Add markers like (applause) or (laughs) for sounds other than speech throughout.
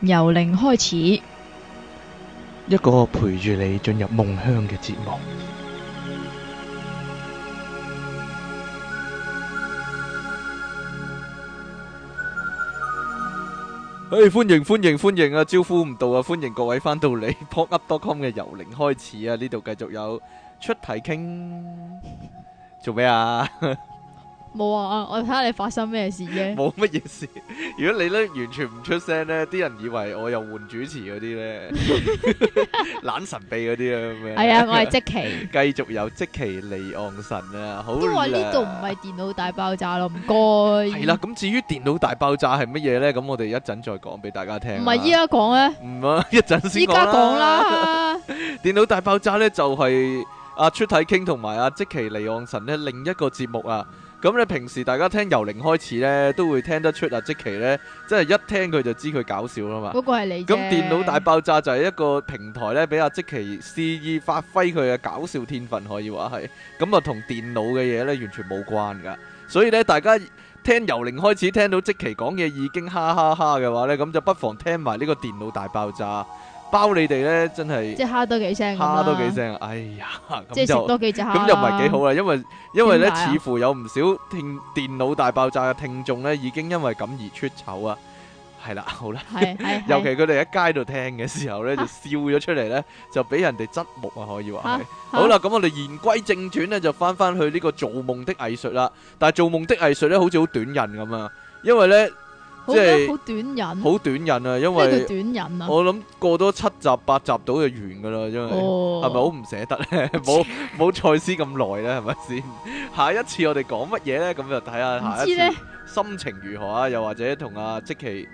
由零開始，一個陪住你進入夢鄉嘅節目。嘿，歡迎歡迎歡迎啊，招呼唔到啊，歡迎各位翻到嚟 popup.com 嘅由零開始啊，呢度繼續有出題傾，做咩啊？ (laughs) 冇啊！我睇下你發生咩事啫。冇乜嘢事。如果你咧完全唔出聲咧，啲人以為我又換主持嗰啲咧，懶神秘嗰啲啊。係啊，我係即奇繼續有即奇離岸神啊。好，因為呢度唔係電腦大爆炸咯，唔該。係啦。咁至於電腦大爆炸係乜嘢咧？咁我哋一陣再講俾大家聽。唔係依家講啊，唔啊，一陣先。依家講啦。電腦大爆炸咧就係阿出體傾同埋阿即奇離岸神咧另一個節目啊。咁你平時大家聽由零開始呢，都會聽得出啊，即奇呢，即係一聽佢就知佢搞笑啦嘛。嗰個係你啫。咁電腦大爆炸就係一個平台呢，俾阿即奇肆意發揮佢嘅搞笑天分，可以話係。咁啊，同電腦嘅嘢呢，完全冇關噶。所以呢，大家聽由零開始聽到即奇講嘢已經哈哈哈嘅話呢，咁就不妨聽埋呢個電腦大爆炸。包你哋咧，真係即蝦多幾聲，啊，蝦多幾聲，哎呀，就即食多幾隻蝦啦，咁又唔係幾好啦，因為因為咧，似乎有唔少聽電腦大爆炸嘅聽眾咧，已經因為咁而出醜啊，係啦，好啦，係係， (laughs) 尤其佢哋喺街度聽嘅時候咧，就笑咗出嚟咧，哈就俾人哋側目啊，可以話係。好啦，咁我哋言歸正傳咧，就翻翻去呢個做夢的藝術啦。但係做夢的藝術咧，好似好短人咁啊，因為咧。即係好短人，好短人啊！因為短人啊，我諗過多七集八集到就完噶啦，因為係咪好唔捨得咧？冇冇賽斯咁耐咧？係咪先？ (laughs) 下一次我哋講乜嘢咧？咁就睇下下一次心情如何啊？又或者同阿積奇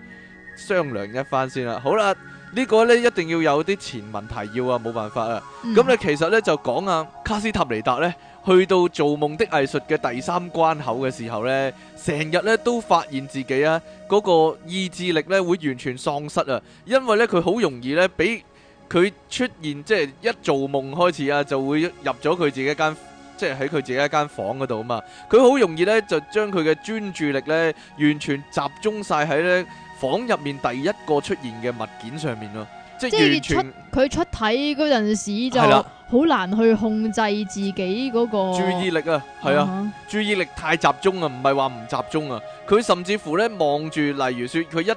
商量一番先啦。好啦，這個、呢個咧一定要有啲前文提要啊，冇辦法啊。咁咧、嗯、其實咧就講啊卡斯塔尼達咧。去到做夢的藝術嘅第三關口嘅時候呢，成日呢都發現自己啊，嗰個意志力呢會完全喪失啊，因為呢，佢好容易呢俾佢出現，即係一做夢開始啊，就會入咗佢自己一間，即係喺佢自己一間房嗰度啊嘛，佢好容易呢就將佢嘅專注力呢完全集中晒喺呢房入面第一個出現嘅物件上面咯。即係佢出，出體嗰陣時就好難去控制自己嗰、嗰個注意力啊，係啊，uh huh. 注意力太集中啊，唔係話唔集中啊，佢甚至乎呢，望住，例如說佢一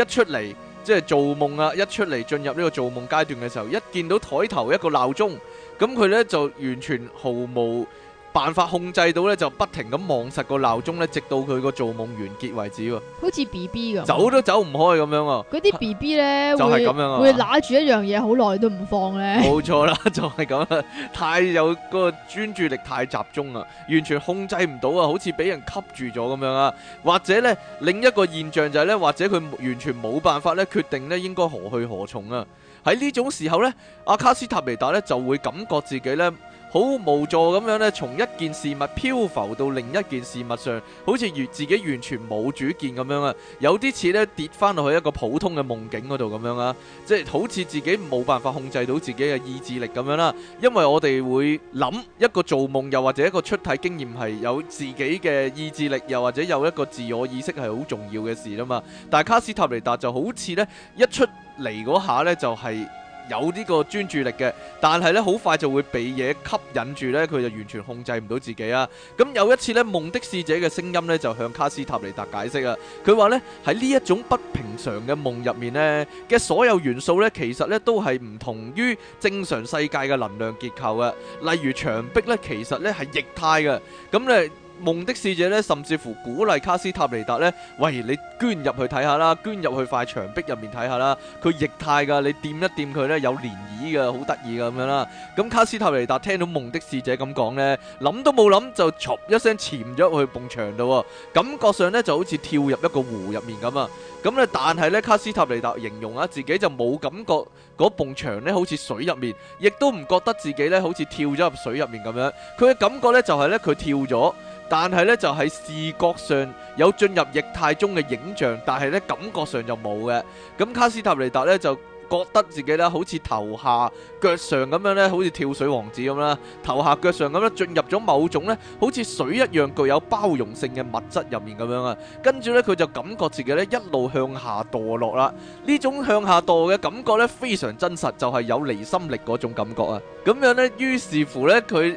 一出嚟，即係做夢啊，一出嚟進入呢個做夢階段嘅時候，一見到台頭一個鬧鐘，咁佢呢就完全毫無。辦法控制到咧，就不停咁望實個鬧鐘咧，直到佢個做夢完結為止喎。好似 B B 咁，走都走唔開咁樣啊！嗰啲 B B 咧，就係咁樣啊，會揦住一樣嘢好耐都唔放咧。冇錯啦，就係咁啦，太有嗰個專注力太集中啦，完全控制唔到啊，好似俾人吸住咗咁樣啊。或者咧，另一個現象就係咧，或者佢完全冇辦法咧，決定咧應該何去何從啊。喺呢種時候咧，阿卡斯塔尼達咧就會感覺自己咧。好無助咁樣呢，從一件事物漂浮到另一件事物上，好似完自己完全冇主見咁樣啊！有啲似呢，跌翻落去一個普通嘅夢境嗰度咁樣啊，即係好似自己冇辦法控制到自己嘅意志力咁樣啦。因為我哋會諗一個做夢又或者一個出體經驗係有自己嘅意志力，又或者有一個自我意識係好重要嘅事啊嘛。但係卡斯塔尼達就好似呢，一出嚟嗰下呢，就是，就係。有呢個專注力嘅，但係呢好快就會被嘢吸引住呢，佢就完全控制唔到自己啊！咁有一次呢，夢的使者嘅聲音呢就向卡斯塔尼達解釋啊，佢話呢，喺呢一種不平常嘅夢入面呢嘅所有元素呢，其實呢都係唔同於正常世界嘅能量結構啊。例如牆壁呢，其實呢係液態嘅，咁咧。夢的使者咧，甚至乎鼓勵卡斯塔尼達呢，喂，你捐入去睇下啦，捐入去塊牆壁入面睇下啦。佢液態㗎，你掂一掂佢呢，有漣漪㗎，好得意㗎咁樣啦。咁卡斯塔尼達聽到夢的使者咁講呢，諗都冇諗就一聲潛咗去埲牆度，感覺上呢，就好似跳入一個湖入面咁啊。咁咧，但係呢，卡斯塔尼達形容啊，自己就冇感覺嗰埲牆呢好似水入面，亦都唔覺得自己呢好似跳咗入水入面咁樣。佢嘅感覺呢，就係呢，佢跳咗。但係咧，就喺視覺上有進入液態中嘅影像，但係咧，感覺上就冇嘅。咁卡斯塔尼達咧就覺得自己咧好似頭下腳上咁樣咧，好似跳水王子咁啦，頭下腳上咁樣進入咗某種咧，好似水一樣具有包容性嘅物質入面咁樣啊。跟住咧，佢就感覺自己咧一路向下墮落啦。呢種向下墮嘅感覺咧，非常真實，就係有離心力嗰種感覺啊。咁樣咧，於是乎咧佢。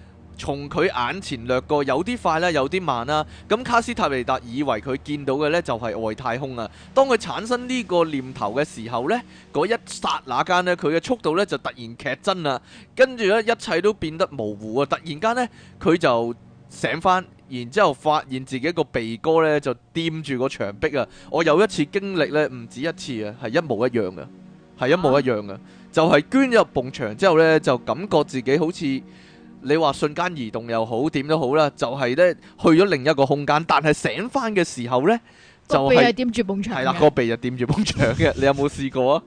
從佢眼前掠過，有啲快啦、啊，有啲慢啦、啊。咁卡斯塔尼達以為佢見到嘅呢，就係、是、外太空啊。當佢產生呢個念頭嘅時候呢，嗰一剎那間呢，佢嘅速度呢，就突然劇增啦。跟住呢，一切都變得模糊啊！突然間呢，佢就醒翻，然之後發現自己個鼻哥呢，就掂住個牆壁啊。我有一次經歷呢，唔止一次啊，係一模一樣嘅，係一模一樣嘅，就係、是、捐入埲牆之後呢，就感覺自己好似。你話瞬間移動又好，點都好啦，就係、是、咧去咗另一個空間，但係醒返嘅時候呢，就係掂住埲牆，係啦個鼻就掂住埲牆嘅，那個、 (laughs) 你有冇試過啊？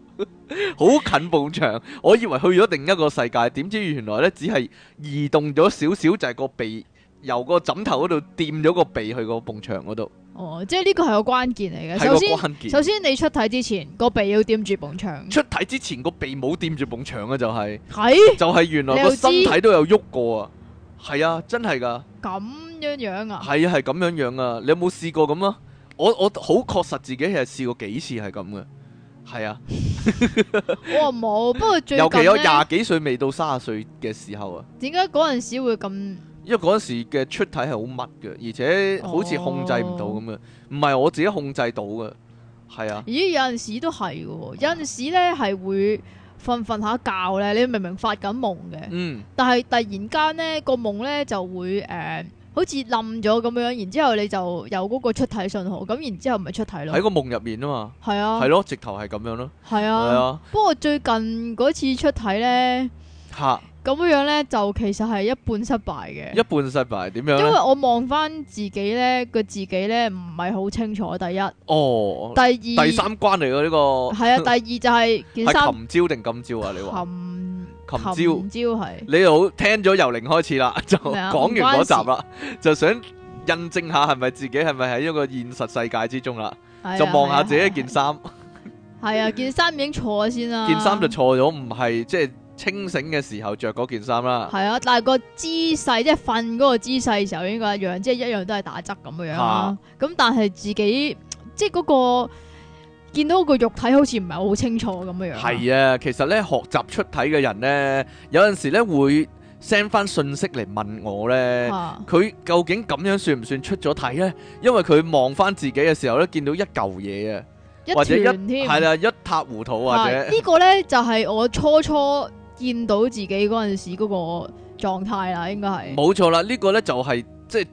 好 (laughs) 近埲牆， (laughs) 我以為去咗另一個世界，點知原來呢，只係移動咗少少就係個鼻。由個枕頭嗰度掂咗個鼻去個蹦牆嗰度。哦，即係呢個係個關鍵嚟嘅。首先，首先你出體之前、個鼻要掂住蹦牆。出體之前、個鼻冇掂住蹦牆啊，就係、是。係是。就係原來你又 個身體都有喐過啊。係、嗯、啊，真係噶。咁樣樣啊？係啊，係咁樣樣啊。你有冇試過咁啊？我我好確實自己係試過幾次係咁嘅。係啊。 (laughs) 我話冇，不過最尤其咧，廿幾歲未到三十歲嘅時候啊，點解嗰陣時會咁？因為嗰時嘅出體係好密嘅，而且好似控制唔到咁樣，唔係、哦、我自己控制到嘅，係啊。咦，有陣時都係喎，有陣時咧係會瞓瞓下覺咧，你明明發緊夢嘅，嗯，但係突然間咧個夢咧就會誒、呃，好似冧咗咁樣，然之後你就有嗰個出體信號，咁然之後咪出體咯。喺個夢入面啊嘛，係啊，係咯，直頭係咁樣咯，係啊，係啊。啊不過最近嗰次出體咧嚇。咁樣樣咧，就其實係一半失敗嘅。一半失敗點樣？因為我望翻自己咧，個自己咧唔係好清楚。第一，哦，第二，第三關嚟嘅呢個係啊，第二就係件衫。係琴朝定今朝啊？你話琴琴朝？朝係你又好聽咗由零開始啦，就講完嗰集啦，就想印證下係咪自己係咪喺一個現實世界之中啦，就望下自己件衫。係啊，件衫已經錯咗先啦，件衫就錯咗，唔係即係。清醒嘅時候着嗰件衫啦，係啊，但係個姿勢即係瞓嗰個姿勢嘅時候應該一樣，即係一樣都係打側咁嘅樣咁、啊啊、但係自己即係嗰、嗰個見到個肉體好似唔係好清楚咁嘅樣。係啊，其實咧學習出體嘅人咧，有陣時咧會 send 翻信息嚟問我咧，佢、啊、究竟咁樣算唔算出咗體咧？因為佢望翻自己嘅時候咧，見到一嚿嘢啊，一團或者一係啦、啊、一塌糊塗或者、啊這個、呢個咧就係、係、我初初。見到自己嗰陣時嗰個狀態啦，應該係冇錯啦。呢個呢，就係即係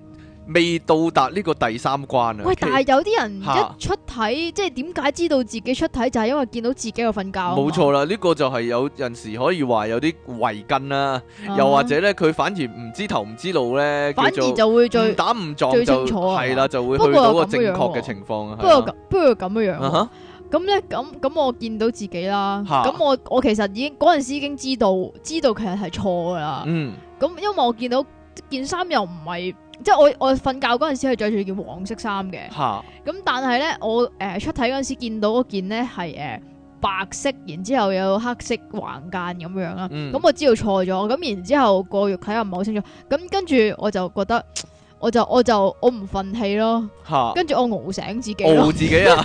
未到達呢個第三關啊。喂，但係有啲人一出體，哈即係點解知道自己出體就係因為見到自己喺度瞓覺？冇錯啦，呢、這個就係有陣時可以話有啲遺根啦，啊、哈又或者呢，佢反而唔知頭唔知路呢，反而就會最誤打誤撞，最清楚係啦，就會去到個正確嘅情況、啊、哈不過咁、啊，不過咁樣、啊咁咧，咁咁我見到自己啦。咁哈我我其實已經嗰陣時已經知道，知道其實係錯噶啦。咁、嗯、因為我見到件衫又唔係，即係我我瞓覺嗰陣時係著住件黃色衫嘅。咁哈但係咧，我誒、呃、出體嗰陣時見到嗰件咧係誒白色，然之後有黑色橫間咁樣啦。咁、嗯、我知道錯咗，咁然之後個肉體又唔係好清楚。咁跟住我就覺得。我就我就我唔憤氣唔忿氣咯，跟住哈我熬醒自己，熬自己啊，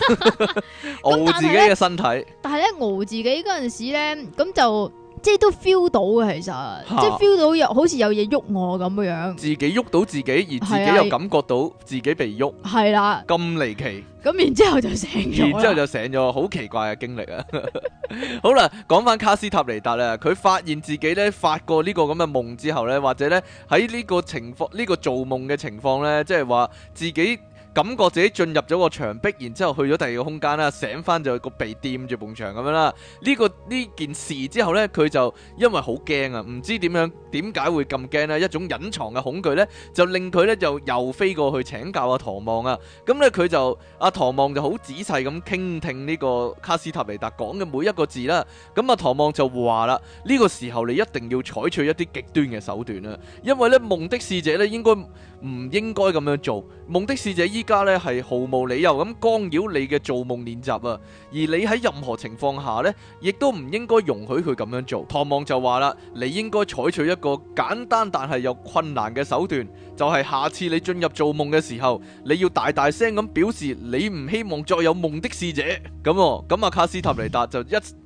熬 (laughs) 自己嘅身體但呢。但係咧，熬自己嗰陣時咧，咁就。即係都 feel 到嘅，其實即係 feel 到好有好似有嘢喐我咁樣哈自己喐到自己，而自己又感覺到自己被喐，係啦的，咁離奇，咁、嗯嗯嗯嗯、然之後就醒咗，然之後就醒咗，好 (laughs) 奇怪嘅經歷啊！好啦，講翻卡斯塔尼達啦，佢發現自己咧發過呢個咁嘅夢之後咧，或者咧喺呢個情況呢、這個做夢嘅情況咧，即係話自己。感覺自己進入咗個牆壁，然之後去咗第二個空間啦，醒翻就鼻、這個鼻掂住埲牆咁樣啦。呢個呢件事之後呢，佢就因為好驚啊，唔知點樣。點解會咁驚呢？一種隱藏嘅恐懼呢就令佢呢就又飛過去請教阿唐望啊。咁、嗯、呢，佢就阿唐、啊、望就好仔細咁傾聽呢個卡斯塔尼達講嘅每一個字啦、啊。咁阿唐望就話啦：呢、這個時候你一定要採取一啲極端嘅手段啦、啊，因為呢夢的使者呢應該唔應該咁樣做。夢的使者依家呢係毫無理由咁干擾你嘅做夢練習啊。而你喺任何情況下呢，亦都唔應該容許佢咁樣做。唐望就話啦：你應該採取一個簡單但係又困難嘅手段，就係下次你進入做夢嘅時候，你要大大聲咁表示你唔希望再有夢的使者。咁咁阿卡斯塔尼達就一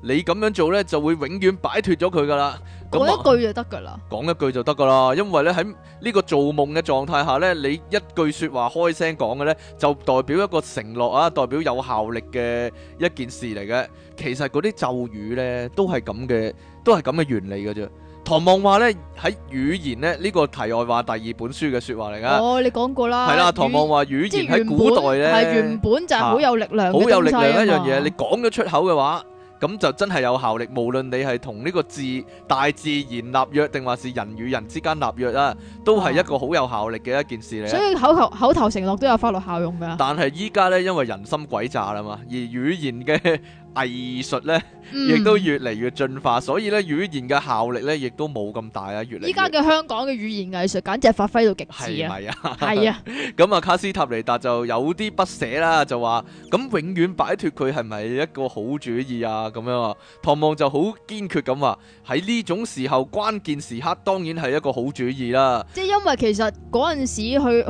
你咁樣做咧，就會永遠擺脫咗佢噶啦。講一句就得噶啦。講一句就得噶啦，因為咧喺呢個做夢嘅狀態下咧，你一句說話開聲講嘅咧，就代表一個承諾啊，代表有效力嘅一件事嚟嘅。其實嗰啲咒語咧，都係咁嘅，都係咁嘅原理噶啫。唐望話咧喺語言咧，呢個題外話，第二本書嘅說話嚟噶。哦，你講過啦。係啦，唐望話語言喺古代咧係原本就係好有力量，好有力量一樣嘢。你講咗出口嘅話，咁就真係有效力，無論你係同呢個自大自然立約，定話是人與人之間立約啦，都係一個好有效力嘅一件事咧、啊。所以口口口頭承諾都有法律效用㗎。但係依家呢，因為人心鬼詐啦嘛，而語言嘅。 (laughs) 藝術咧，亦都越嚟越進化，所以咧語言嘅效力咧，亦都冇咁大啊！越嚟依家嘅香港嘅語言藝術，簡直係發揮到極致啊！係咪啊？係啊！咁啊，卡斯塔尼達就有啲不捨啦，就話：咁永遠擺脱佢係咪一個好主意啊？咁樣啊？唐望就好堅決咁話：喺呢種時候關鍵時刻，當然係一個好主意啦！即係因為其實嗰陣時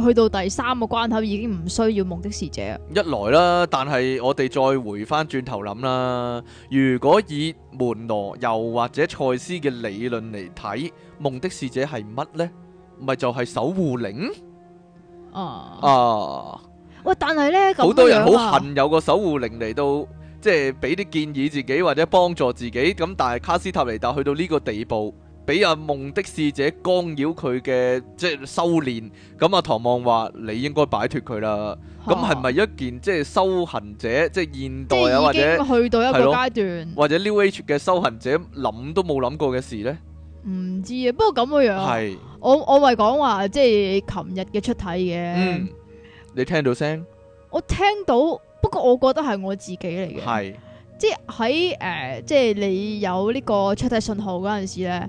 去去到第三個關口，已經唔需要目的使者啊！一來啦，但係我哋再回翻轉頭諗啦。誒，uh, 如果以門羅又或者賽斯嘅理論嚟睇，夢的使者係乜呢？咪就係守護靈？哦哦，喂，但係呢，好多人好恨有個守護靈嚟到，即係俾啲建議自己或者幫助自己，咁但係卡斯塔尼達去到呢個地步。俾阿夢的使者干擾佢嘅即係修煉，咁阿唐望話你應該擺脫佢啦。咁係咪一件即係修行者即係現代啊，或者去到一個階段，或者 New Age 嘅修行者諗都冇諗過嘅事呢？唔知啊，不過咁嘅樣，係是我我咪講話即係琴日嘅出體嘅，嗯。你聽到聲？我聽到，不過我覺得係我自己嚟嘅。係是即係喺誒，即係你有呢個出體信號嗰陣時咧。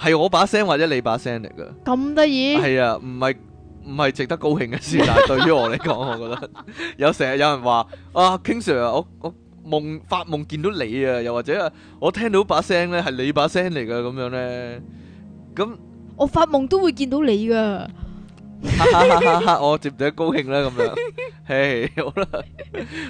係我把聲或者你把聲嚟噶，咁得意？係啊，唔係唔係值得高興嘅事，但係對於我嚟講，我覺得有成日有人話啊，經常啊，我我夢發夢見到你啊，又或者啊，我聽到把聲咧係你把聲嚟噶，咁樣咧，咁我發夢都會見到你噶，我值得高興啦，咁樣，嘿，好啦，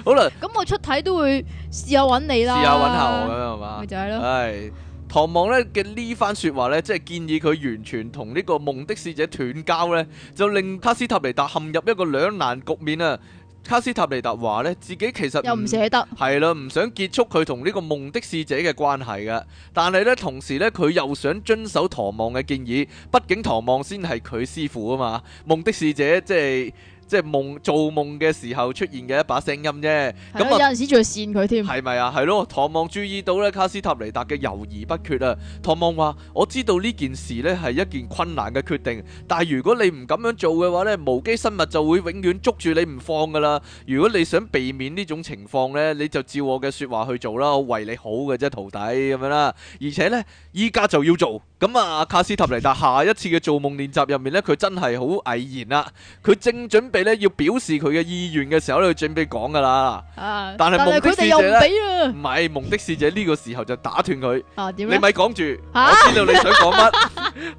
好啦，咁我出睇都會試下揾你啦，試下揾下我咁樣係嘛，咪就係咯，係。唐望呢嘅呢番説話呢，即係建議佢完全同呢個夢的使者斷交，呢就令卡斯塔尼達陷入一個兩難局面啊！卡斯塔尼達話呢，自己其實又唔捨得，係啦，唔想結束佢同呢個夢的使者嘅關係㗎，但係呢，同時呢，佢又想遵守唐望嘅建議，畢竟唐望先係佢師傅啊嘛，夢的使者即係。即係夢，做夢嘅時候出現嘅一把聲音啫，咁啊有陣時仲去扇佢添，係咪就、嗯、啊？係咯，唐望注意到咧卡斯塔尼達嘅猶疑不決啊！唐望話：我知道呢件事咧係一件困難嘅決定，但係如果你唔咁樣做嘅話呢，無機生物就會永遠捉住你唔放噶啦！如果你想避免呢種情況呢，你就照我嘅說話去做啦，我為你好嘅啫，徒弟咁樣啦。而且呢，依家就要做咁啊！卡斯塔尼達下一次嘅做夢練習入面呢，佢真係好毅然啦！佢正準備。咧要表示佢嘅意願嘅時候咧，佢準備講噶啦。但係，但係佢哋又唔俾啊。唔係，夢的使者呢個時候就打斷佢。你咪講住，我知道你想講乜。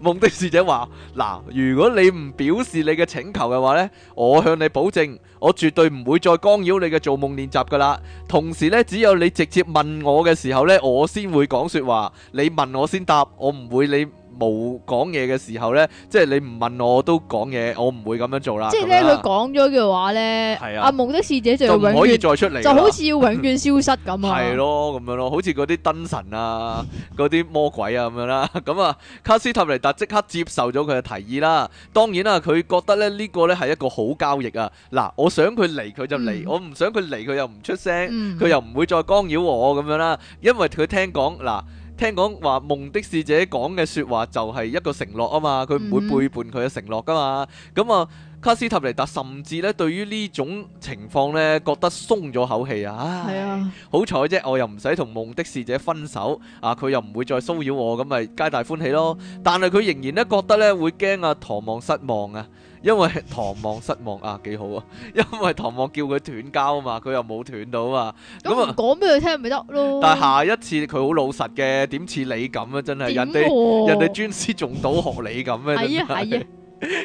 夢的使者話：嗱，如果你唔表示你嘅請求嘅話咧，我向你保證，我絕對唔會再干擾你嘅做夢練習噶啦。同時咧，只有你直接問我嘅時候咧，我先會講說話。你問我先答，我唔會你。冇講嘢嘅時候呢，即係你唔問我都講嘢，我唔會咁樣做啦。即係咧，佢講咗嘅話呢，阿蒙的使者就,就唔可以再出嚟，就好似要永遠消失咁樣。 (laughs) 係咯，咁樣咯，好似嗰啲燈神啊，嗰啲 (laughs) 魔鬼啊咁樣啦。咁啊，卡斯塔尼達即刻接受咗佢嘅提議啦。當然啦，佢覺得咧呢個呢係一個好交易啊。嗱，我想佢嚟佢就嚟，嗯、我唔想佢嚟佢又唔出聲，佢、嗯、又唔會再干擾我咁樣啦。因為佢聽講嗱。聽講話夢的使者講嘅說話就係一個承諾啊嘛，佢唔會背叛佢嘅承諾噶嘛。咁啊，卡斯塔尼達甚至咧對於呢種情況咧覺得鬆咗口氣啊，係啊，好彩啫，我又唔使同夢的使者分手啊，佢又唔會再騷擾我，咁咪皆大歡喜咯。但係佢仍然咧覺得咧會驚阿唐望失望啊。因為唐望失望啊，幾好啊！因為唐望叫佢斷交啊嘛，佢又冇斷到啊嘛，咁講俾佢聽咪得咯。但係下一次佢好老實嘅，點似你咁啊？真係人哋人哋專師仲倒學你咁 (laughs) 啊？係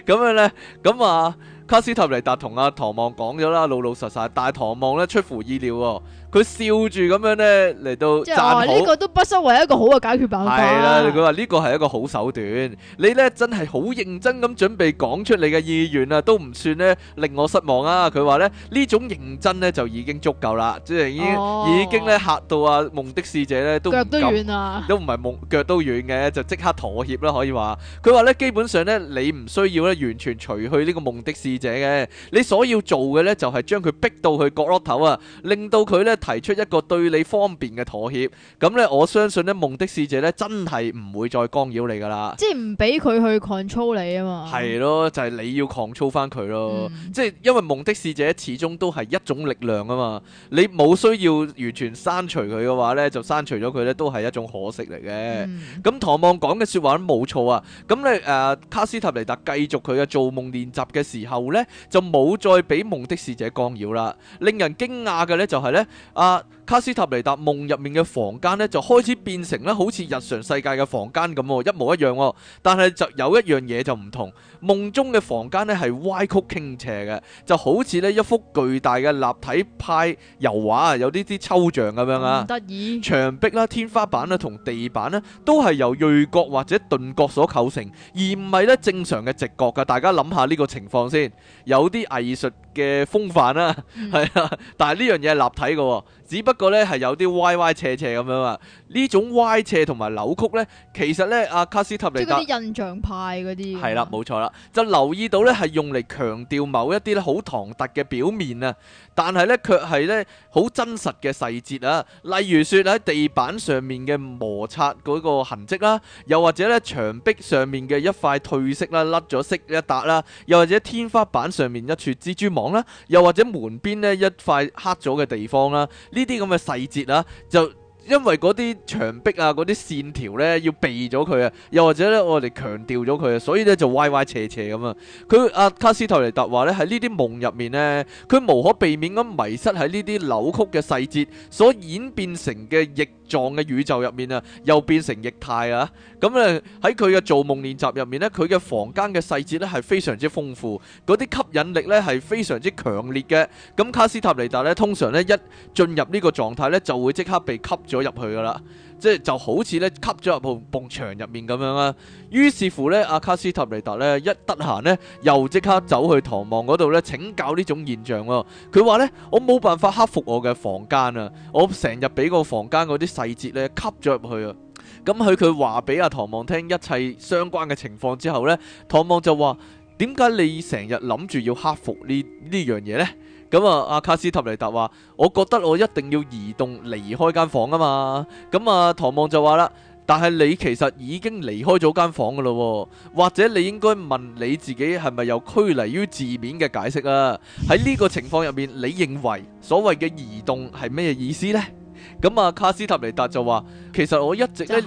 咁樣咧，咁啊。 (laughs) 卡斯塔尼達同阿唐望講咗啦，老老實實，但係唐望咧出乎意料，哦，佢笑住咁樣咧嚟到就好，話呢個都不失為一個好嘅解決辦法。係啦，佢話呢個係一個好手段。你咧真係好認真咁準備講出你嘅意願啊，都唔算咧令我失望啊。佢話咧呢種認真咧就已經足夠啦，即係已經、哦、已經咧嚇哇到阿、啊、夢的使者咧都唔夠，都唔係夢腳都軟嘅，就即刻妥協啦，可以話。佢話咧基本上咧你唔需要咧完全除去呢個夢的使者嘅，你所要做嘅呢，就係將佢逼到去角落頭啊，令到佢呢提出一個對你方便嘅妥協。咁呢，我相信呢，夢的使者呢真係唔會再干擾你噶啦，即係唔俾佢去 control 你啊嘛。係咯，就係、是、你要 control 翻佢咯。嗯、即係因為夢的使者始終都係一種力量啊嘛，你冇需要完全刪除佢嘅話呢，就刪除咗佢呢都係一種可惜嚟嘅。咁、嗯、唐望講嘅說話都冇錯啊。咁呢，誒、啊、卡斯塔尼達繼續佢嘅做夢練習嘅時候。咧就冇再俾夢的使者干擾啦。令人驚訝嘅咧就係咧啊。呃卡斯塔尼達夢入面嘅房間呢，就開始變成咧好似日常世界嘅房間咁喎，一模一樣喎。但係就有一樣嘢就唔同，夢中嘅房間呢係歪曲傾斜嘅，就好似呢一幅巨大嘅立體派油畫啊，有啲啲抽象咁樣啊。得意、嗯、牆壁啦、天花板啦同地板咧，都係由鋭角或者鈍角所構成，而唔係咧正常嘅直角噶。大家諗下呢個情況先，有啲藝術嘅風範啦，係啊、嗯。 (laughs) 但係呢樣嘢係立體噶，只不。個咧係有啲歪歪斜斜咁樣啊！呢種歪斜同埋扭曲咧，其實咧阿、啊、卡斯塔尼達啲印象派啲係啦，冇錯啦，就留意到咧係用嚟強調某一啲咧好唐突嘅表面啊，但係咧卻係咧好真實嘅細節啊，例如說喺地板上面嘅摩擦個痕跡啦，又或者咧牆壁上面嘅一塊褪色啦、甩咗色一笪啦，又或者天花板上面一處蜘蛛網啦，又或者門邊咧一塊黑咗嘅地方啦，呢啲咁。咁嘅細節啦，就因為啲牆壁啊、啲線條咧，要避咗佢啊，又或者咧，我哋強調咗佢啊，所以咧就歪歪斜斜咁啊。佢阿卡斯特尼特話咧，喺呢啲夢入面咧，佢無可避免咁迷失喺呢啲扭曲嘅細節所演變成嘅逆狀嘅宇宙入面啊，又變成液態啊，咁咧喺佢嘅造夢練習入面呢，佢嘅房間嘅細節呢係非常之豐富，嗰啲吸引力呢係非常之強烈嘅。咁卡斯塔尼達呢，通常呢一進入呢個狀態呢，就會即刻被吸咗入去㗎喇。即係就好似咧吸咗入幅牆入面咁樣啊。於是乎咧，阿卡斯塔尼達咧一得閒咧，又即刻走去唐望嗰度咧請教呢種現象喎。佢話咧：我冇辦法克服我嘅房間啊！我成日俾個房間嗰啲細節咧吸咗入去啊。咁佢佢話俾阿唐望聽一切相關嘅情況之後呢，唐望就話：點解你成日諗住要克服呢呢樣嘢呢？」咁、嗯、啊，阿卡斯塔尼達話：，我覺得我一定要移動離開間房啊嘛。咁、嗯、啊，唐望就話啦：，但係你其實已經離開咗間房噶咯，或者你應該問你自己係咪有拘泥於字面嘅解釋啊。喺呢個情況入面，你認為所謂嘅移動係咩意思呢？咁、嗯、啊，卡斯塔尼達就話：，其實我一直咧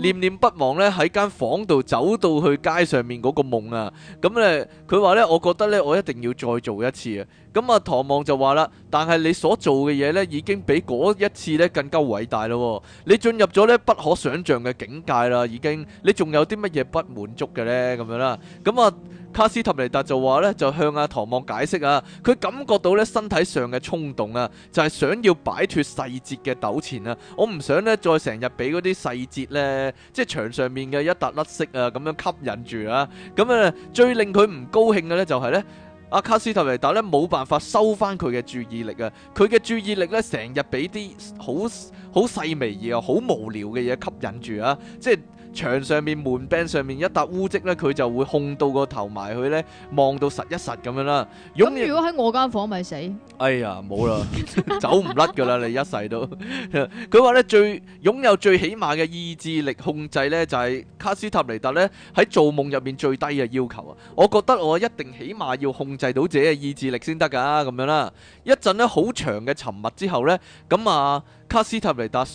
念念不忘咧喺間房度走到去街上面嗰個夢啊。咁、嗯、咧，佢話咧，我覺得咧，我一定要再做一次啊。咁啊，唐望就話啦，但係你所做嘅嘢呢已經比嗰一次呢更加偉大咯。你進入咗呢不可想象嘅境界啦，已經。你仲有啲乜嘢不滿足嘅呢？咁樣啦。咁啊，卡斯塔尼達就話呢，就向阿唐望解釋啊，佢感覺到呢身體上嘅衝動啊，就係、是、想要擺脫細節嘅糾纏啊。我唔想呢再成日俾嗰啲細節呢，即係牆上面嘅一笪甩色啊，咁樣吸引住啊。咁啊，最令佢唔高興嘅呢、就是，就係呢。阿卡斯塔尼達呢，冇辦法收翻佢嘅注意力啊！佢嘅注意力呢，成日俾啲好好細微而又好無聊嘅嘢吸引住啊！即係。牆上面門柄上面一笪污跡咧，佢就會控到個頭埋去咧，望到實一實咁樣啦。咁如果喺我間房咪死？哎呀，冇啦， (laughs) (laughs) 走唔甩噶啦，你一世都。佢話咧，最擁有最起碼嘅意志力控制咧，就係卡斯塔尼達咧喺做夢入面最低嘅要求啊！我覺得我一定起碼要控制到自己嘅意志力先得噶咁樣啦。一陣咧好長嘅沉默之後咧，咁啊卡斯塔尼達。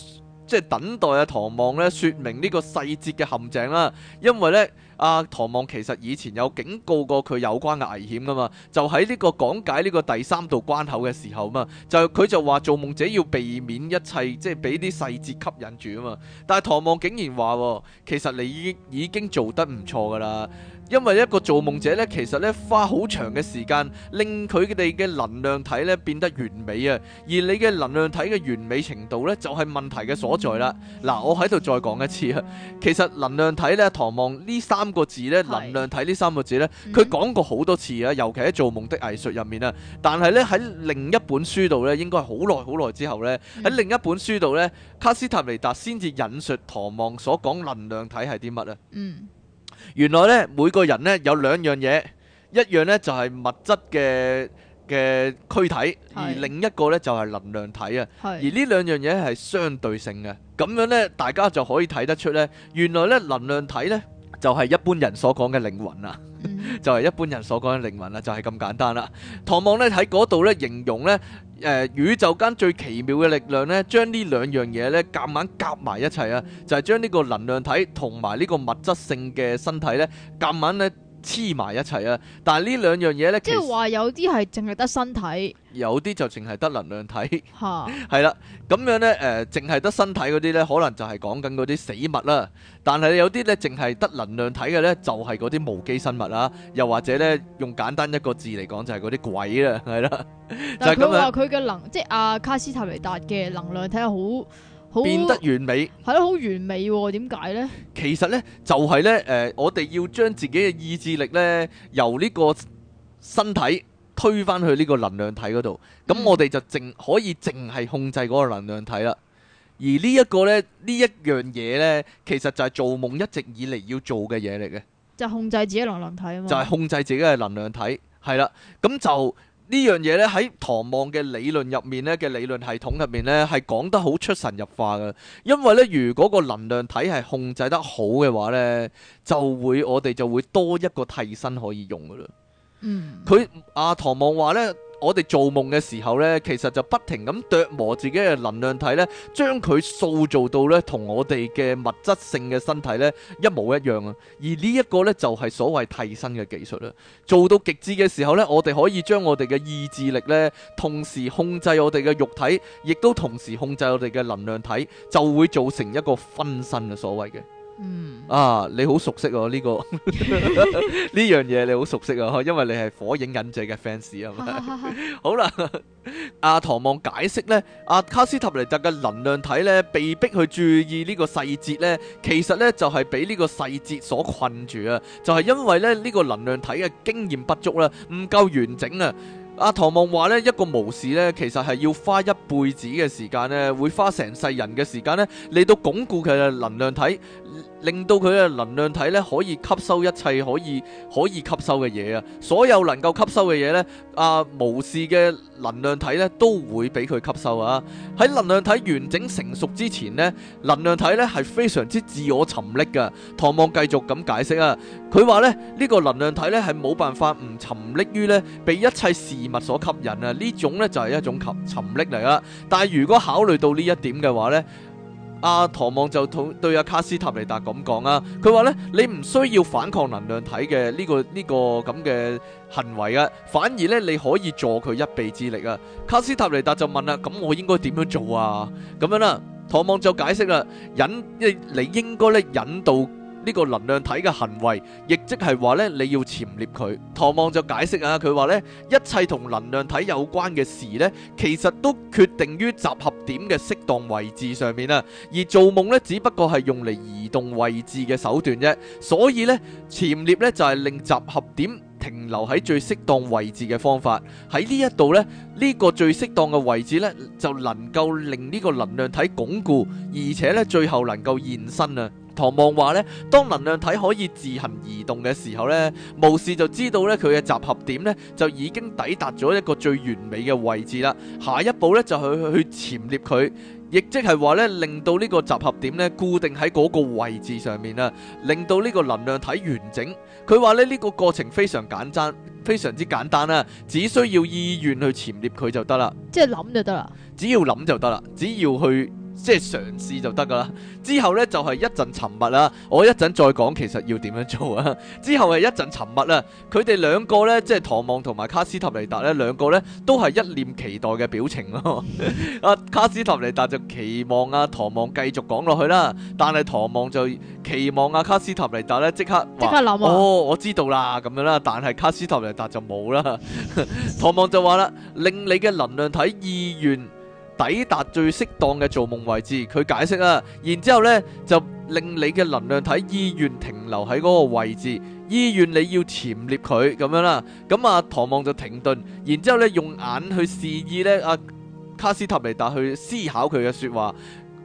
即係等待阿唐望咧，説明呢個細節嘅陷阱啦。因為咧，阿、啊、唐望其實以前有警告過佢有關嘅危險噶嘛。就喺呢個講解呢個第三道關口嘅時候嘛，就佢就話做夢者要避免一切，即係俾啲細節吸引住啊嘛。但係唐望竟然話，其實你已經已經做得唔錯噶啦。因為一個造夢者咧，其實咧花好長嘅時間令佢哋嘅能量體咧變得完美啊！而你嘅能量體嘅完美程度咧，就係問題嘅所在啦。嗱，我喺度再講一次啊！其實能量體咧，唐望呢三個字咧，是的。能量體呢三個字咧，佢講過好多次啊！尤其喺做夢的藝術入面啊，但係咧喺另一本書度咧，應該係好耐好耐之後咧，喺另一本書度咧，卡斯塔尼達先至引述唐望所講能量體係啲乜啊？嗯。原來咧，每個人咧有兩樣嘢，一樣咧就係、是、物質嘅嘅軀體，而另一個咧就係、是、能量體啊。是而呢兩樣嘢係相對性嘅，咁樣咧，大家就可以睇得出咧，原來咧能量體咧就係、是、一般人所講嘅靈魂啦，嗯、 (laughs) 就係一般人所講嘅靈魂啦，就係、是、咁簡單啦。唐望咧喺嗰度咧形容咧。呃，宇宙間最奇妙嘅力量咧，將呢兩樣嘢咧夾硬夾埋一齊啊，就係將呢個能量體同埋呢個物質性嘅身體咧，夾硬咧。黐埋一齊啊！但係呢兩樣嘢咧，即係話有啲係淨係得身體，有啲就淨係得能量體。吓哈， (laughs) 係啦，咁樣咧，誒，淨係得身體嗰啲咧，可能就係講緊嗰啲死物啦。但係有啲咧，淨係得能量體嘅咧，就係嗰啲無機生物啦。又或者咧，用簡單一個字嚟講，就係嗰啲鬼啦，係啦。但係佢話佢嘅能，即係、啊、阿卡斯塔尼達嘅能量體好。變得完美係咯，好完美，點解呢？其實呢就係呢，誒，我哋要將自己嘅意志力呢，由呢個身體推返去呢個能量體嗰度，咁我哋就淨可以淨係控制嗰個能量體啦。而呢一個呢，呢一樣嘢呢，其實就係做夢一直以嚟要做嘅嘢嚟嘅，就係控制自己能量體啊嘛！就係控制自己嘅能量體，係啦，咁就。呢樣嘢咧，喺唐望嘅理論入面咧，嘅理論系統入面咧，係講得好出神入化嘅。因為咧，如果個能量體係控制得好嘅話咧，就會我哋就會多一個替身可以用㗎喇。佢阿唐望話咧。我哋做夢嘅時候呢，其實就不停咁琢磨自己嘅能量體呢，將佢塑造到呢同我哋嘅物質性嘅身體呢一模一樣啊！而呢一個呢，就係所謂替身嘅技術啦。做到極致嘅時候呢，我哋可以將我哋嘅意志力呢，同時控制我哋嘅肉體，亦都同時控制我哋嘅能量體，就會造成一個分身嘅所謂嘅。嗯啊，你好熟悉啊，呢、這個呢樣嘢，你好熟悉啊，因為你係火影忍者嘅 fans 啊嘛。好啦，阿、啊、唐望解釋呢，阿、啊、卡斯塔尼特嘅能量體呢，被逼去注意呢個細節呢，其實呢就係俾呢個細節所困住啊，就係、是、因為咧呢、這個能量體嘅經驗不足啦、啊，唔夠完整啊。阿、啊、唐望話呢，一個巫師呢，其實係要花一輩子嘅時間呢，會花成世人嘅時間呢，嚟到鞏固佢嘅能量體。令到佢嘅能量體咧可以吸收一切可以可以吸收嘅嘢啊！所有能夠吸收嘅嘢咧，啊、呃、無視嘅能量體咧都會俾佢吸收啊！喺能量體完整成熟之前咧，能量體咧係非常之自我沉溺噶。唐望繼續咁解釋啊，佢話咧呢個能量體咧係冇辦法唔沉溺於咧被一切事物所吸引啊！呢種咧就係一種沉沉溺嚟啦。但係如果考慮到呢一點嘅話咧，阿唐、啊、望就同對阿卡斯塔尼達咁講啊，佢話咧你唔需要反抗能量體嘅呢、這個呢、這個咁嘅行為啊，反而咧你可以助佢一臂之力啊。卡斯塔尼達就問啦，咁我應該點樣做啊？咁樣啦、啊，唐望就解釋啦，引你應該咧引導。呢個能量體嘅行為，亦即係話咧，你要潛獵佢。唐望就解釋啊，佢話咧，一切同能量體有關嘅事咧，其實都決定於集合點嘅適當位置上面啊。而做夢咧，只不過係用嚟移動位置嘅手段啫。所以咧，潛獵咧就係令集合點停留喺最適當位置嘅方法。喺呢一度咧，呢個最適當嘅位置咧，就能夠令呢個能量體鞏固，而且咧最後能夠現身啊。唐望話咧，當能量體可以自行移動嘅時候咧，巫師就知道咧佢嘅集合點咧就已經抵達咗一個最完美嘅位置啦。下一步咧就去去去潛獵佢，亦即係話咧令到呢個集合點咧固定喺嗰個位置上面啊，令到呢個能量體完整。佢話咧呢個過程非常簡單，非常之簡單啦，只需要意願去潛獵佢就得啦。即係諗就得啦，只要諗就得啦，只要去。即係嘗試就得噶啦，之後呢，就係、是、一陣沉默啦。我一陣再講，其實要點樣做啊？之後係一陣沉默啦。佢哋兩個呢，即係唐望同埋卡斯塔尼達呢兩個呢，都係一臉期待嘅表情咯。阿、 (laughs) 啊、卡斯塔尼達就期望阿、啊、唐望繼續講落去啦，但係唐望就期望阿、啊、卡斯塔尼達呢，即刻即刻諗、啊、哦，我知道啦，咁樣啦，但係卡斯塔尼達就冇啦。唐 (laughs) 望就話啦，令你嘅能量體意願。抵達最適當嘅做夢位置，佢解釋啦，然之後咧就令你嘅能量體意願停留喺嗰個位置，意願你要潛獵佢咁樣啦，咁啊唐望就停頓，然之後咧用眼去示意呢阿卡斯塔尼達去思考佢嘅說話，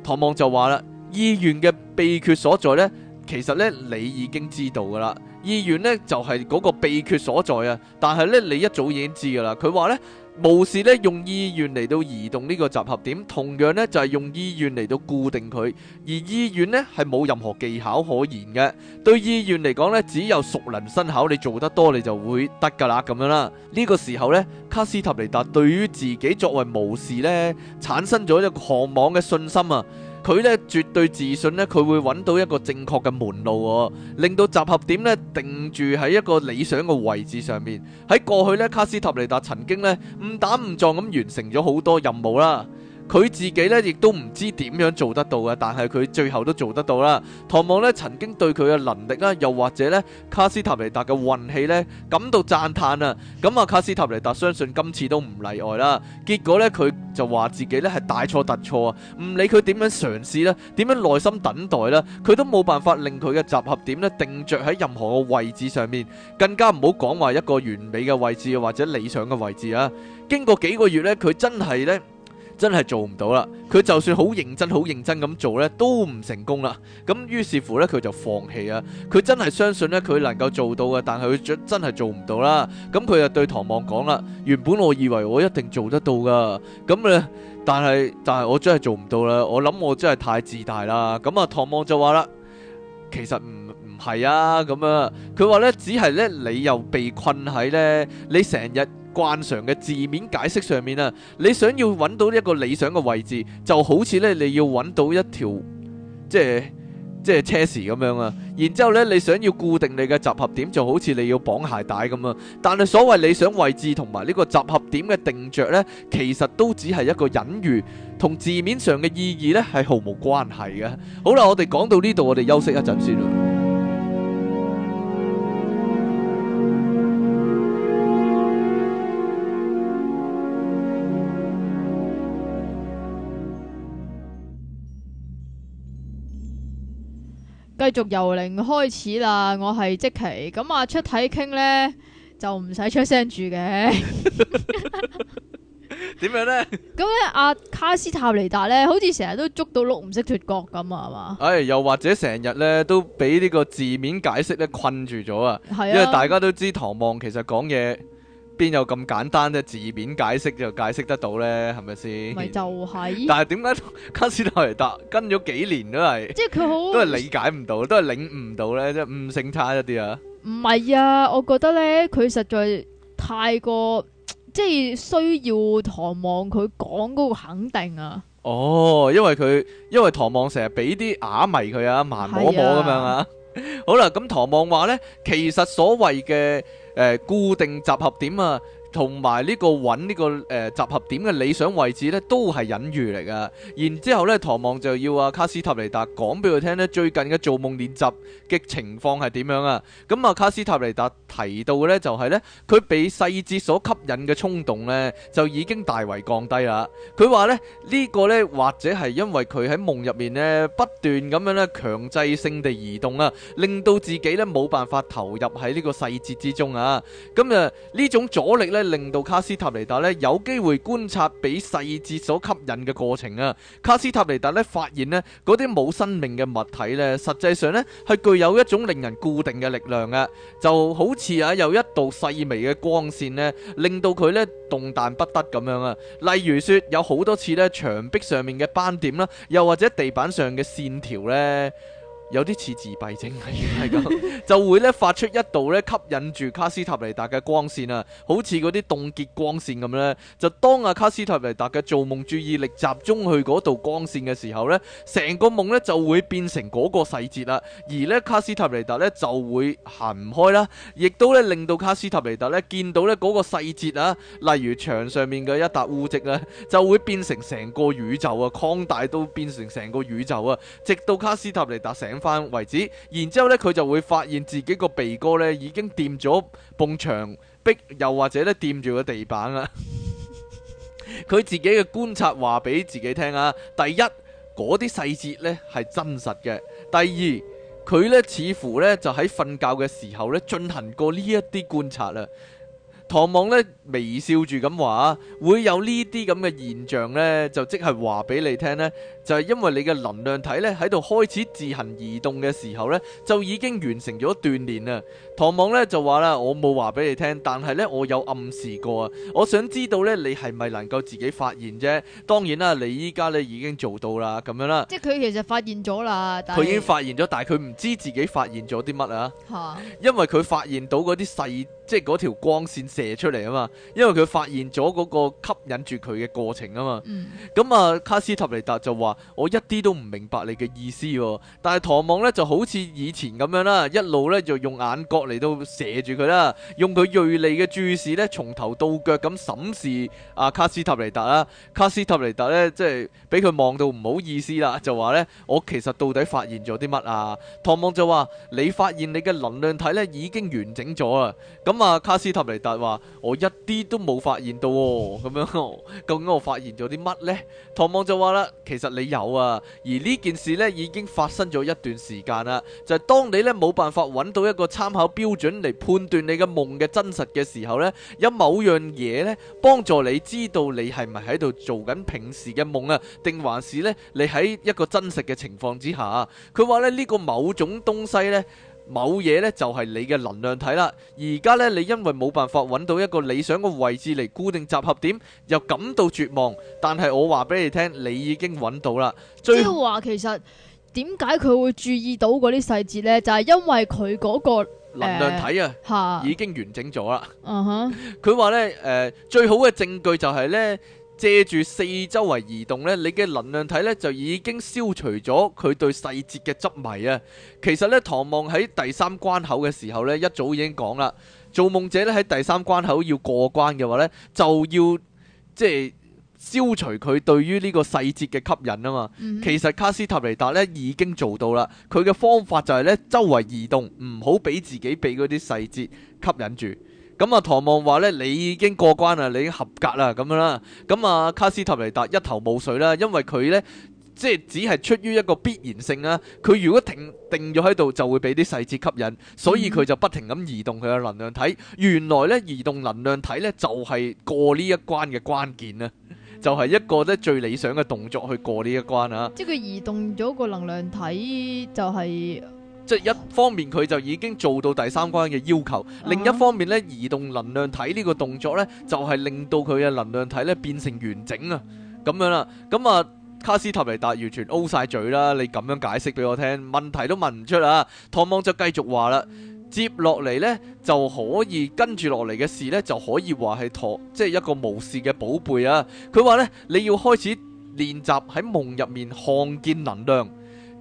唐望就話啦，意願嘅秘訣所在呢，其實呢，你已經知道噶啦，意願呢，就係、是、嗰個秘訣所在啊，但係呢，你一早已經知噶啦，佢話呢。巫士咧用意願嚟到移動呢個集合點，同樣咧就係、是、用意願嚟到固定佢，而意願呢係冇任何技巧可言嘅。對意願嚟講呢，只有熟能生巧，你做得多你就會得噶啦咁樣啦。呢、呢個時候呢，卡斯塔尼達對於自己作為巫士呢產生咗一個狂妄嘅信心啊！佢咧絕對自信咧，佢會揾到一個正確嘅門路喎，令到集合點咧定住喺一個理想嘅位置上面。喺過去咧，卡斯塔尼達曾經咧唔打唔撞咁完成咗好多任務啦。佢自己咧亦都唔知點樣做得到嘅，但係佢最後都做得到啦。唐望呢曾經對佢嘅能力啦，又或者呢卡斯塔尼達嘅運氣呢，感到讚歎啊。咁啊，卡斯塔尼達相信今次都唔例外啦。結果呢，佢就話自己呢係大錯特錯啊，唔理佢點樣嘗試啦，點樣耐心等待啦，佢都冇辦法令佢嘅集合點呢定着喺任何嘅位置上面，更加唔好講話一個完美嘅位置或者理想嘅位置啊。經過幾個月呢，佢真係呢。真係做唔到啦！佢就算好認真、好認真咁做咧，都唔成功啦。咁於是乎咧，佢就放棄啦。佢真係相信咧，佢能夠做到嘅，但係佢真係做唔到啦。咁佢就對唐望講啦：，原本我以為我一定做得到噶，咁咧，但係但係我真係做唔到啦。我諗我真係太自大啦。咁啊，唐望就話啦：，其實唔唔係啊。咁啊，佢話咧，只係咧你又被困喺咧，你成日。慣常嘅字面解釋上面啊，你想要揾到一個理想嘅位置，就好似咧你要揾到一條即係即係車匙咁樣啊。然之後咧，你想要固定你嘅集合點，就好似你要綁鞋帶咁啊。但係所謂理想位置同埋呢個集合點嘅定着咧，其實都只係一個隱喻，同字面上嘅意義咧係毫無關係嘅。好啦，我哋講到呢度，我哋休息一陣先啦。繼續由零開始啦，我係即期，咁阿出體傾呢，就唔使出聲住嘅，點 (laughs) (laughs) (laughs) 樣呢？咁咧阿卡斯塔尼達呢，好似成日都捉到碌唔識脫角咁啊，係嘛？誒、哎，又或者成日呢，都俾呢個字面解釋咧困住咗是啊，因為大家都知唐望其實講嘢。邊有咁簡單啫？字面解釋就解釋得到咧，係咪先？咪就係。但係點解卡斯塔尼達跟咗幾年都係？即係佢好都係理解唔到，都係領悟到咧，即係悟性差一啲啊？唔係啊，我覺得咧，佢實在太過即係需要唐望佢講嗰個肯定啊。哦，因為佢因為唐望成日俾啲啞謎佢啊，盲摸摸咁，啊，樣啊。 (laughs) 好啦，咁唐望話咧，其實所謂嘅。呃，固定集合點啊！同埋呢個搵呢、這個誒、呃、集合點嘅理想位置咧，都係隱喻嚟噶。然之後咧，唐望就要阿卡斯塔尼達講俾佢聽咧，最近嘅做夢練習嘅情況係點樣啊？咁、嗯、啊，卡斯塔尼達提到嘅咧就係、是、咧，佢俾細節所吸引嘅衝動咧，就已經大為降低啦。佢話咧呢、這個咧，或者係因為佢喺夢入面咧不斷咁樣咧強制性地移動啊，令到自己咧冇辦法投入喺呢個細節之中啊。咁、嗯、啊，呢、嗯、種阻力咧。令到卡斯塔尼達咧有機會觀察畀細節所吸引嘅過程啊！卡斯塔尼達咧發現咧嗰啲冇生命嘅物體咧，實際上咧係具有一種令人固定嘅力量啊！就好似啊有一道細微嘅光線咧，令到佢咧動彈不得咁樣啊！例如說有好多次咧，牆壁上面嘅斑點啦，又或者地板上嘅線條咧。有啲似自閉症係，係，咁， (laughs) 就會咧發出一道咧吸引住卡斯塔尼達嘅光線啊，好似嗰啲凍結光線咁咧。就當阿卡斯塔尼達嘅做夢注意力集中去嗰度光線嘅時候咧，成個夢咧就會變成嗰個細節啦。而咧卡斯塔尼達咧就會行唔開啦，亦都咧令到卡斯塔尼達咧見到咧嗰個細節啊，例如牆上面嘅一笪污跡啊，就會變成成個宇宙啊，擴大到變成成個宇宙啊，直到卡斯塔尼達成。翻為止，然之後咧，佢就會發現自己個鼻哥呢已經掂咗埲牆壁，又或者咧掂住個地板啦。佢 (laughs) 自己嘅觀察話俾自己聽啊，第一嗰啲細節呢係真實嘅，第二佢呢似乎呢就喺瞓覺嘅時候呢進行過呢一啲觀察啦。唐望呢微笑住咁話啊，會有呢啲咁嘅現象呢，就即係話俾你聽呢。」就係因為你嘅能量體咧喺度開始自行移動嘅時候咧，就已經完成咗鍛煉啊！唐望咧就話啦，我冇話俾你聽，但係咧我有暗示過啊，我想知道咧你係咪能夠自己發現啫？當然啦，你依家咧已經做到啦，咁樣啦。即係佢其實發現咗啦，佢已經發現咗，但係佢唔知自己發現咗啲乜啊。嚇哈！因為佢發現到啲細，即係條光線射出嚟，啊嘛。因為佢發現咗個吸引住佢嘅過程啊嘛。咁、嗯、啊，卡斯塔尼達就話。我一啲都唔明白你嘅意思，哦，但係唐望咧就好似以前咁樣啦，一路咧就用眼角嚟,到射住佢啦，用佢銳利嘅注視咧，從頭到腳咁審視阿卡斯塔尼達啦。卡斯塔尼達咧即係俾佢望到唔好意思啦，就話咧，我其實到底發現咗啲乜啊？唐望就話，你發現你嘅能量體咧已經完整咗啦。咁啊，卡斯塔尼達話，我一啲都冇發現到，咁樣究竟我發現咗啲乜呢？唐望就話啦，其實你。有啊，而呢件事咧已經發生咗一段時間啦。就係、是、當你咧冇辦法揾到一個參考標準嚟，判斷你嘅夢嘅真實嘅時候呢，有某樣嘢呢，幫助你知道你係咪喺度做緊平時嘅夢啊，定還是咧你喺一個真實嘅情況之下啊？佢話咧呢個某種東西呢。某嘢呢就係、是、你嘅能量體啦，而家呢，你因為冇辦法揾到一個理想嘅位置嚟固定集合點，又感到絕望。但係我話俾你聽，你已經揾到啦。即係話其實點解佢會注意到嗰啲細節呢？就係、是、因為佢嗰、那個能量體啊，已經完整咗啦。佢話、uh huh. (laughs) 呢，誒、呃，最好嘅證據就係呢。借住四周圍移動呢，你嘅能量體呢就已經消除咗佢對細節嘅執迷啊！其實呢，唐望喺第三關口嘅時候呢，一早已經講啦，做夢者呢喺第三關口要過關嘅話呢，就要即係消除佢對於呢個細節嘅吸引啊嘛。其實卡斯塔尼達呢已經做到啦，佢嘅方法就係呢：周圍移動，唔好俾自己被嗰啲細節吸引住。咁啊，唐望話咧，你已經過關啦，你已經合格啦，咁樣啦。咁啊，卡斯塔尼達一頭霧水啦，因為佢咧，即係只係出於一個必然性啦。佢如果停定咗喺度，就會俾啲細節吸引，所以佢就不停咁移動佢嘅能量體。原來咧，移動能量體咧就係過呢一關嘅關鍵啦，就係一個咧最理想嘅動作去過呢一關啊。即係佢移動咗個能量體，就係。即係一方面佢就已經做到第三關嘅要求，另一方面呢移動能量體呢個動作呢，就係令到佢嘅能量體呢變成完整啊，咁樣啦。咁啊，卡斯特尼達完全 O 晒嘴啦，你咁樣解釋俾我聽，問題都問唔出啊。唐望就繼續話啦，接落嚟呢，就可以跟住落嚟嘅事呢，就可以話係托，即係一個無視嘅寶貝啊。佢話呢，你要開始練習喺夢入面看見能量。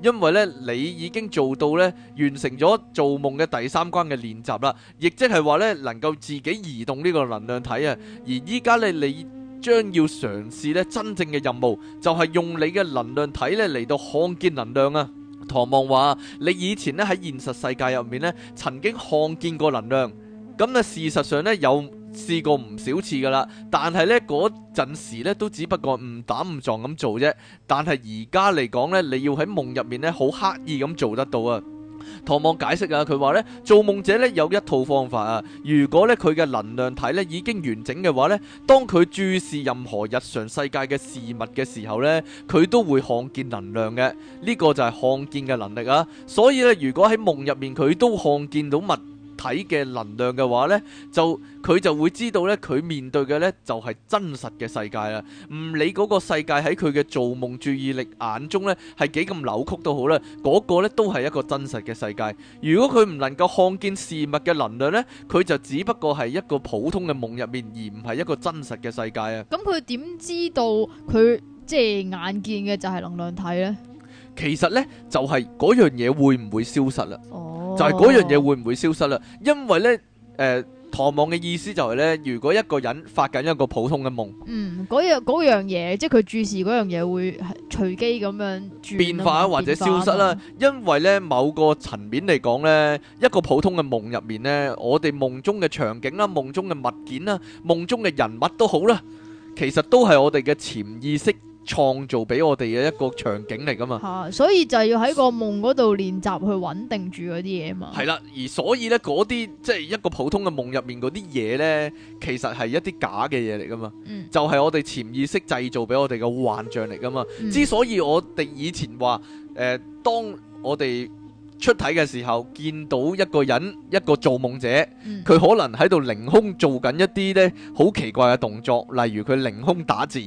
因為咧，你已經做到咧，完成咗做夢嘅第三關嘅練習啦，亦即係話咧，能夠自己移動呢個能量體啊。而依家咧，你將要嘗試咧真正嘅任務，就係用你嘅能量體咧嚟到看見能量啊。唐望話：你以前咧喺現實世界入面咧，曾經看見過能量，咁啊，事實上咧有。試過唔少次噶啦但係呢嗰陣時呢，都只不過唔膽唔撞咁做啫。但係而家嚟講呢，你要喺夢入面呢，好刻意咁做得到啊。唐望解釋啊，佢話呢，做夢者呢有一套方法啊。如果呢，佢嘅能量體呢已經完整嘅話呢，當佢注視任何日常世界嘅事物嘅時候呢，佢都會看見能量嘅。呢個就係看見嘅能力啊。所以呢，如果喺夢入面佢都看見到物。睇嘅能量嘅話咧，就佢就會知道咧，佢面對嘅咧就係真實嘅世界啦。唔理嗰個世界喺佢嘅造夢注意力眼中咧係幾咁扭曲都好啦，嗰個咧都係一個真實嘅世界。如果佢唔能夠看見事物嘅能量咧，佢就只不過係一個普通嘅夢入面，而唔係一個真實嘅世界啊。咁佢點知道佢即係眼見嘅就係能量體咧？其實咧就係嗰樣嘢會唔會消失啦？就係嗰樣嘢會唔會消失啦？因為咧，誒，唐望嘅意思就係咧，如果一個人發緊一個普通嘅夢，嗯，嗰樣嗰樣嘢，即係佢注視嗰樣嘢會隨機咁樣變化或者消失啦。因為咧，某個層面嚟講咧，一個普通嘅夢入面咧，我哋夢中嘅場景啦、夢中嘅物件啦、夢中嘅人物都好啦，其實都係我哋嘅潛意識。創造俾我哋嘅一個場景嚟噶嘛？啊，所以就要喺個夢嗰度練習去穩定住嗰啲嘢嘛。係啦，而所以呢，嗰啲即係一個普通嘅夢入面嗰啲嘢呢，其實係一啲假嘅嘢嚟噶嘛。嗯、就係我哋潛意識製造俾我哋嘅幻象，嚟噶嘛。嗯、之所以我哋以前話，誒、呃，當我哋出體嘅時候見到一個人、一個做夢者，佢、嗯、可能喺度凌空做緊一啲呢，好奇怪嘅動作，例如佢凌空打字。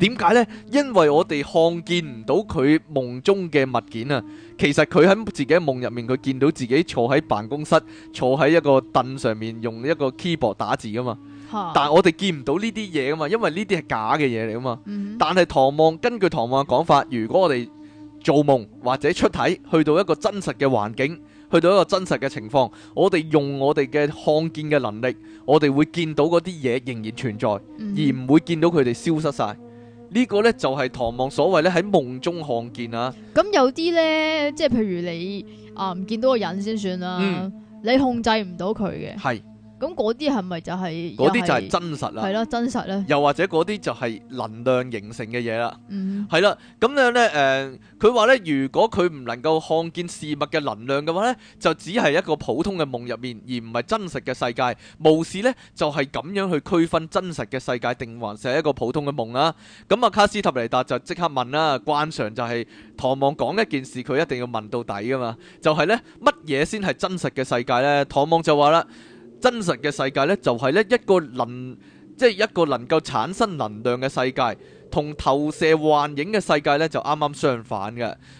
點解呢？因為我哋看見唔到佢夢中嘅物件啊。其實佢喺自己夢入面，佢見到自己坐喺辦公室，坐喺一個凳上面，用一個 keyboard 打字㗎嘛。Huh. 但係我哋見唔到呢啲嘢㗎嘛，因為呢啲係假嘅嘢嚟㗎嘛。Mm hmm. 但係唐望根據唐望嘅講法，如果我哋做夢或者出體去到一個真實嘅環境，去到一個真實嘅情況，我哋用我哋嘅看見嘅能力，我哋會見到嗰啲嘢仍然存在，mm hmm. 而唔會見到佢哋消失晒。呢個咧就係唐望所謂咧喺夢中看見啊！咁有啲呢，即係譬如你啊唔、呃、見到個人先算啦，嗯、你控制唔到佢嘅。咁嗰啲係咪就係嗰啲就係真實啦？係咯，真實咧。又或者嗰啲就係能量形成嘅嘢啦。嗯，係啦。咁樣咧，誒，佢話咧，如果佢唔能夠看見事物嘅能量嘅話咧，就只係一個普通嘅夢入面，而唔係真實嘅世界。無視咧，就係咁樣去區分真實嘅世界定還是一個普通嘅夢啦。咁啊，卡斯塔尼達就即刻問啦，慣常就係唐望講一件事，佢一定要問到底噶嘛。就係咧，乜嘢先係真實嘅世界咧？唐望就話啦。真實嘅世界呢，就係呢一個能即係、就是、一個能夠產生能量嘅世界，同投射幻影嘅世界呢，就啱啱相反嘅。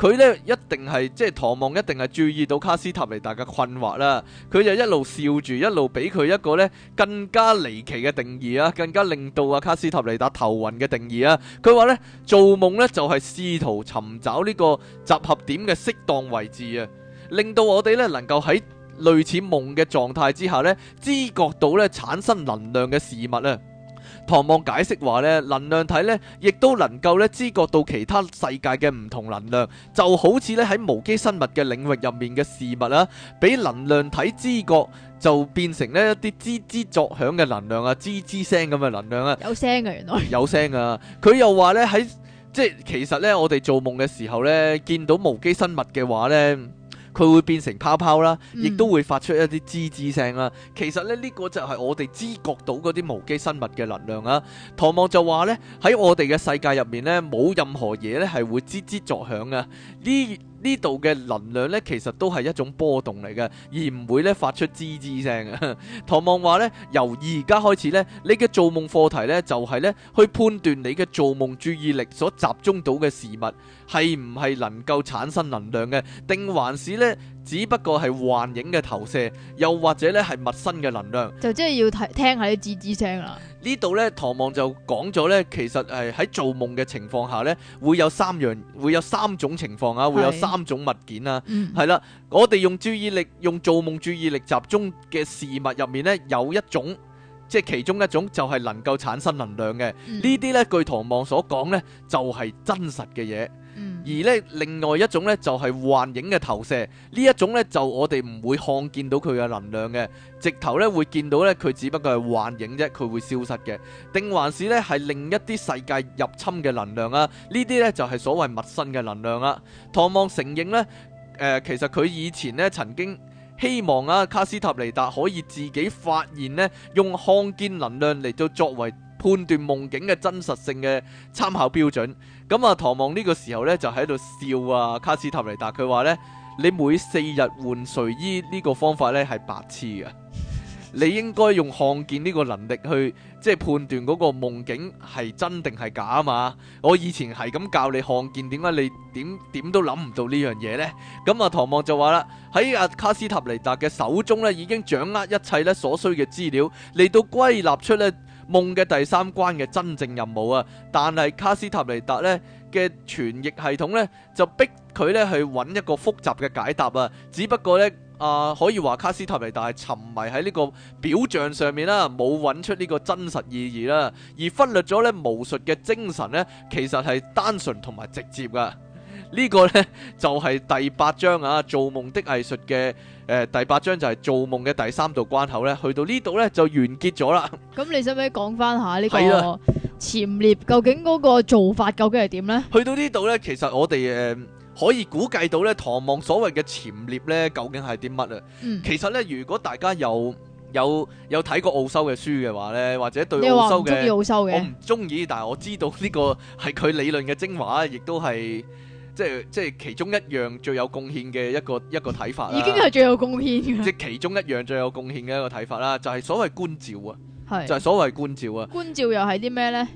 佢咧一定係即係，唐望一定係注意到卡斯塔尼達嘅困惑啦。佢就一路笑住，一路俾佢一個咧更加離奇嘅定義啊，更加令到啊卡斯塔尼達頭暈嘅定義啊。佢話咧，做夢咧就係試圖尋找呢個集合點嘅適當位置啊，令到我哋咧能夠喺類似夢嘅狀態之下咧，知覺到咧產生能量嘅事物啊。唐望解釋話咧，能量體咧亦都能夠咧知覺到其他世界嘅唔同能量，就好似咧喺無機生物嘅領域入面嘅事物啦，俾能量體知覺就變成呢一啲滋滋作響嘅能量啊，滋滋聲咁嘅能量啊，有聲嘅原來有聲啊！佢 (laughs) 又話咧喺即係其實咧我哋做夢嘅時候咧見到無機生物嘅話咧。佢會變成泡泡啦，亦都會發出一啲滋滋聲啦。其實咧，呢個就係我哋知覺到嗰啲無機生物嘅能量啊。唐望就話呢，喺我哋嘅世界入面呢，冇任何嘢呢係會滋滋作響啊。呢呢度嘅能量呢，其實都係一種波動嚟嘅，而唔會呢發出滋滋聲嘅。 (laughs) 唐望話呢，由而家開始呢，你嘅做夢課題呢，就係呢去判斷你嘅做夢注意力所集中到嘅事物係唔係能夠產生能量嘅，定還是呢，只不過係幻影嘅投射，又或者咧係陌生嘅能量，就真係要聽下啲吱吱聲啦。呢度咧，唐望就講咗咧，其實係喺做夢嘅情況下咧，會有三樣，會有三種情況啊，是會有三種物件啊，係啦、嗯，我哋用注意力，用做夢注意力集中嘅事物入面咧，有一種，即係其中一種就係能夠產生能量嘅。嗯、呢啲咧，據唐望所講咧，就係、是、真實嘅嘢。而呢，另外一種呢，就係、是、幻影嘅投射，呢一種呢，就我哋唔會看見到佢嘅能量嘅，直頭呢，會見到呢，佢只不過係幻影啫，佢會消失嘅。定還是呢，係另一啲世界入侵嘅能量啊？呢啲呢，就係、是、所謂陌生嘅能量啦、啊。唐望承認呢，誒、呃、其實佢以前呢曾經希望啊卡斯塔尼達可以自己發現呢，用看見能量嚟到作為判斷夢境嘅真實性嘅參考標準。咁啊，唐望呢個時候呢，就喺度笑啊，卡斯塔尼達佢話呢：「你每四日換睡衣呢個方法呢，係白痴嘅，你應該用看見呢個能力去即係判斷嗰個夢境係真定係假啊嘛。我以前係咁教你看見，點解你點點都諗唔到呢樣嘢呢？」咁啊，唐望就話啦：「喺阿卡斯塔尼達嘅手中呢，已經掌握一切呢所需嘅資料，嚟到歸納出呢。」夢嘅第三關嘅真正任務啊，但係卡斯塔尼達咧嘅傳譯系統呢，就逼佢咧去揾一個複雜嘅解答啊，只不過呢，啊、呃、可以話卡斯塔尼達係沉迷喺呢個表象上面啦，冇揾出呢個真實意義啦，而忽略咗呢巫術嘅精神呢，其實係單純同埋直接噶。呢個呢，就係、是、第八章啊！做夢《做夢的藝術》嘅誒第八章就係做夢嘅第三道關口呢，去到呢度呢，就完結咗啦。咁你使唔使講翻下呢個潛獵究竟嗰個做法究竟係點呢？ (laughs) 去到呢度呢，其實我哋誒、呃、可以估計到呢唐望所謂嘅潛獵呢，究竟係啲乜啊？嗯、其實呢，如果大家有有有睇過奧修嘅書嘅話呢，或者對奧修嘅鍾意奧修嘅？我唔中意，但係我知道呢個係佢理論嘅精華，亦都係。即係即係其中一樣最有貢獻嘅一個一個睇法、啊，已經係最有貢獻嘅。即係其中一樣最有貢獻嘅一個睇法啦、啊，就係、是、所謂觀照啊，的就係所謂觀照啊。觀照又係啲咩呢？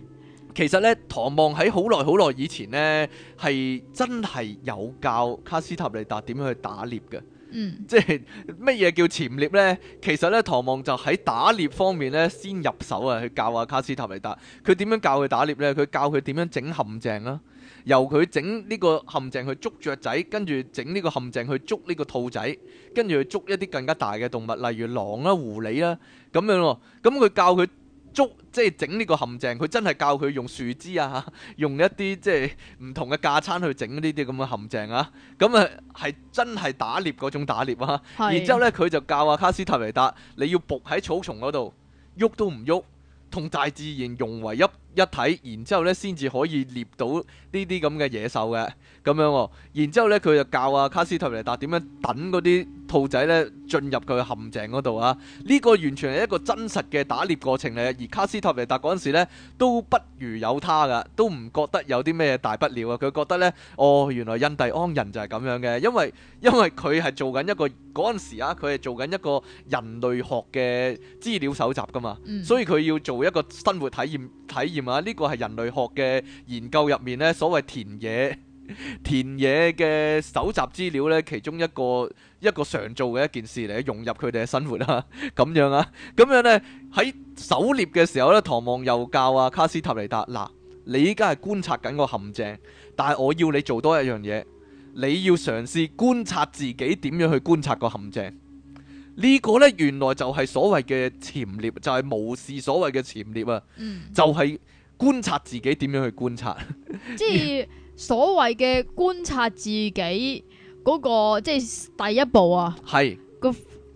其實咧，唐望喺好耐好耐以前呢，係真係有教卡斯塔尼達點樣去打獵嘅。嗯，即係乜嘢叫潛獵呢？其實咧，唐望就喺打獵方面咧先入手啊，去教下卡斯塔尼達。佢點樣教佢打獵咧？佢教佢點樣整陷阱啊。由佢整呢個陷阱去捉雀仔，跟住整呢個陷阱去捉呢個兔仔，跟住去捉一啲更加大嘅動物，例如狼啊、狐狸啊咁樣。咁佢教佢捉，即係整呢個陷阱，佢真係教佢用樹枝啊，用一啲即係唔同嘅架撐去整呢啲咁嘅陷阱啊。咁啊，係真係打獵嗰種打獵啊。是的 然之後呢，佢是的 就教阿卡斯塔維達，你要伏喺草叢嗰度，喐都唔喐，同大自然融為一。一睇，然之後咧，先至可以獵到呢啲咁嘅野獸嘅咁樣。哦，然之後咧，佢就教啊卡斯塔尼達點樣等啲兔仔咧進入佢陷阱度啊！呢、這個完全係一個真實嘅打獵過程嚟嘅。而卡斯塔尼達陣時咧，都不如有他噶，都唔覺得有啲咩大不了啊。佢覺得咧，哦，原來印第安人就係咁樣嘅，因為因為佢係做緊一個陣時啊，佢係做緊一個人類學嘅資料搜集噶嘛，嗯、所以佢要做一個生活體驗體驗。呢個係人類學嘅研究入面呢，所謂田野田野嘅搜集資料呢，其中一個一個常做嘅一件事嚟，融入佢哋嘅生活啊，咁樣啊，咁樣呢，喺狩獵嘅時候呢，唐望又教啊卡斯塔尼達，嗱，你依家係觀察緊個陷阱，但係我要你做多一樣嘢，你要嘗試觀察自己點樣去觀察個陷阱，呢個呢，原來就係所謂嘅潛獵，就係無視所謂嘅潛獵啊，嗯、就係。觀察自己點樣去觀察， (laughs) 即係所謂嘅觀察自己嗰、那個，即係第一步啊。係是個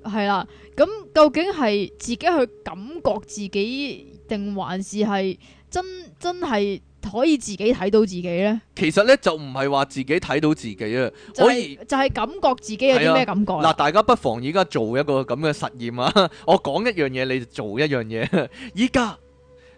係啦，咁、啊、究竟係自己去感覺自己，定還是係真真係可以自己睇到自己呢？其實呢，就唔係話自己睇到自己啊，可以就係、是、以感覺自己有啲咩感覺、啊。嗱、啊，大家不妨而家做一個咁嘅實驗啊！ (laughs) 我講一樣嘢，你就做一樣嘢。依家。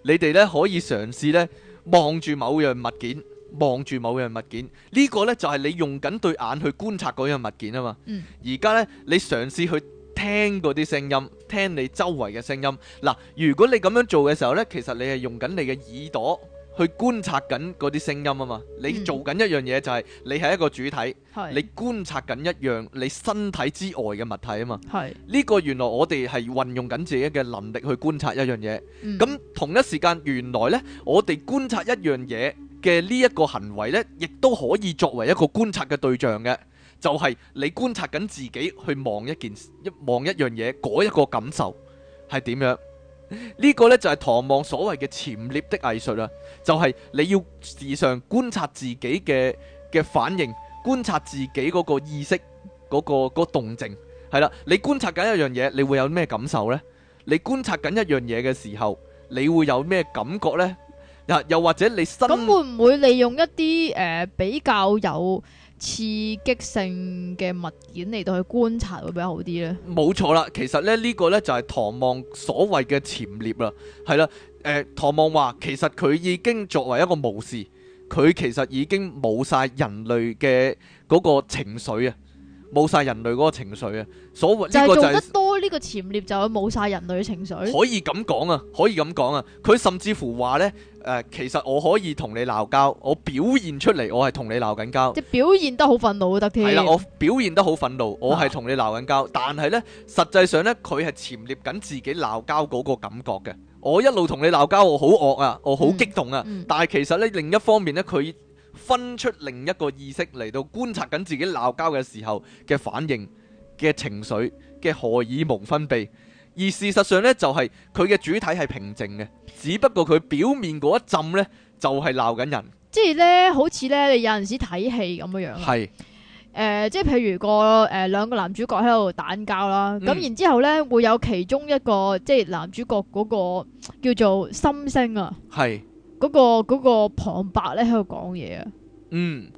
你哋咧可以嘗試咧望住某樣物件，望住某樣物件，這個、呢個咧就係、是、你用緊對眼去觀察嗰樣物件啊嘛。嗯。而家咧你嘗試去聽嗰啲聲音，聽你周圍嘅聲音。嗱，如果你咁樣做嘅時候咧，其實你係用緊你嘅耳朵。去觀察緊嗰啲聲音啊嘛，你做緊一樣嘢就係你係一個主體，嗯、你觀察緊一樣你身體之外嘅物體啊嘛，呢、嗯、個原來我哋係運用緊自己嘅能力去觀察一樣嘢，咁、嗯、同一時間原來呢，我哋觀察一樣嘢嘅呢一個行為呢，亦都可以作為一個觀察嘅對象嘅，就係、是、你觀察緊自己去望一件、一望一樣嘢嗰一個感受係點樣？呢個呢，就係唐望所謂嘅潛獵的藝術啦，就係、係、你要時常觀察自己嘅嘅反應，觀察自己嗰個意識嗰、個、個動靜，係啦，你觀察緊一樣嘢，你會有咩感受呢？你觀察緊一樣嘢嘅時候，你會有咩感覺呢？又或者你身咁會唔會利用一啲誒、呃、比較有？刺激性嘅物件嚟到去觀察會比較好啲呢？冇錯啦，其實咧呢個呢就係唐望所謂嘅潛獵啦。係啦，誒唐望話其實佢已經作為一個巫師，佢其實已經冇晒人類嘅嗰個情緒啊。冇晒人類嗰個情緒啊！所謂就係、是、做得多呢個潛獵，就去冇晒人類嘅情緒。可以咁講啊，可以咁講啊！佢甚至乎話呢，誒、呃，其實我可以同你鬧交，我表現出嚟，我係同你鬧緊交。即表現得好憤怒得係啦，我表現得好憤怒，我係同你鬧緊交。啊、但係呢，實際上呢，佢係潛獵緊自己鬧交嗰個感覺嘅。我一路同你鬧交，我好惡啊，我好激動啊。嗯嗯、但係其實呢，另一方面呢，佢分出另一個意識嚟到觀察緊自己鬧交嘅時候嘅反應嘅情緒嘅荷爾蒙分泌，而事實上呢，就係佢嘅主體係平靜嘅，只不過佢表面嗰一陣呢，就係鬧緊人。即係呢，好似呢，你有陣時睇戲咁樣樣。係、呃，即係譬如個誒、呃、兩個男主角喺度打交啦，咁、嗯、然之後呢，會有其中一個即係男主角嗰個叫做心聲啊。係。嗰個旁白咧喺度講嘢啊，嗯，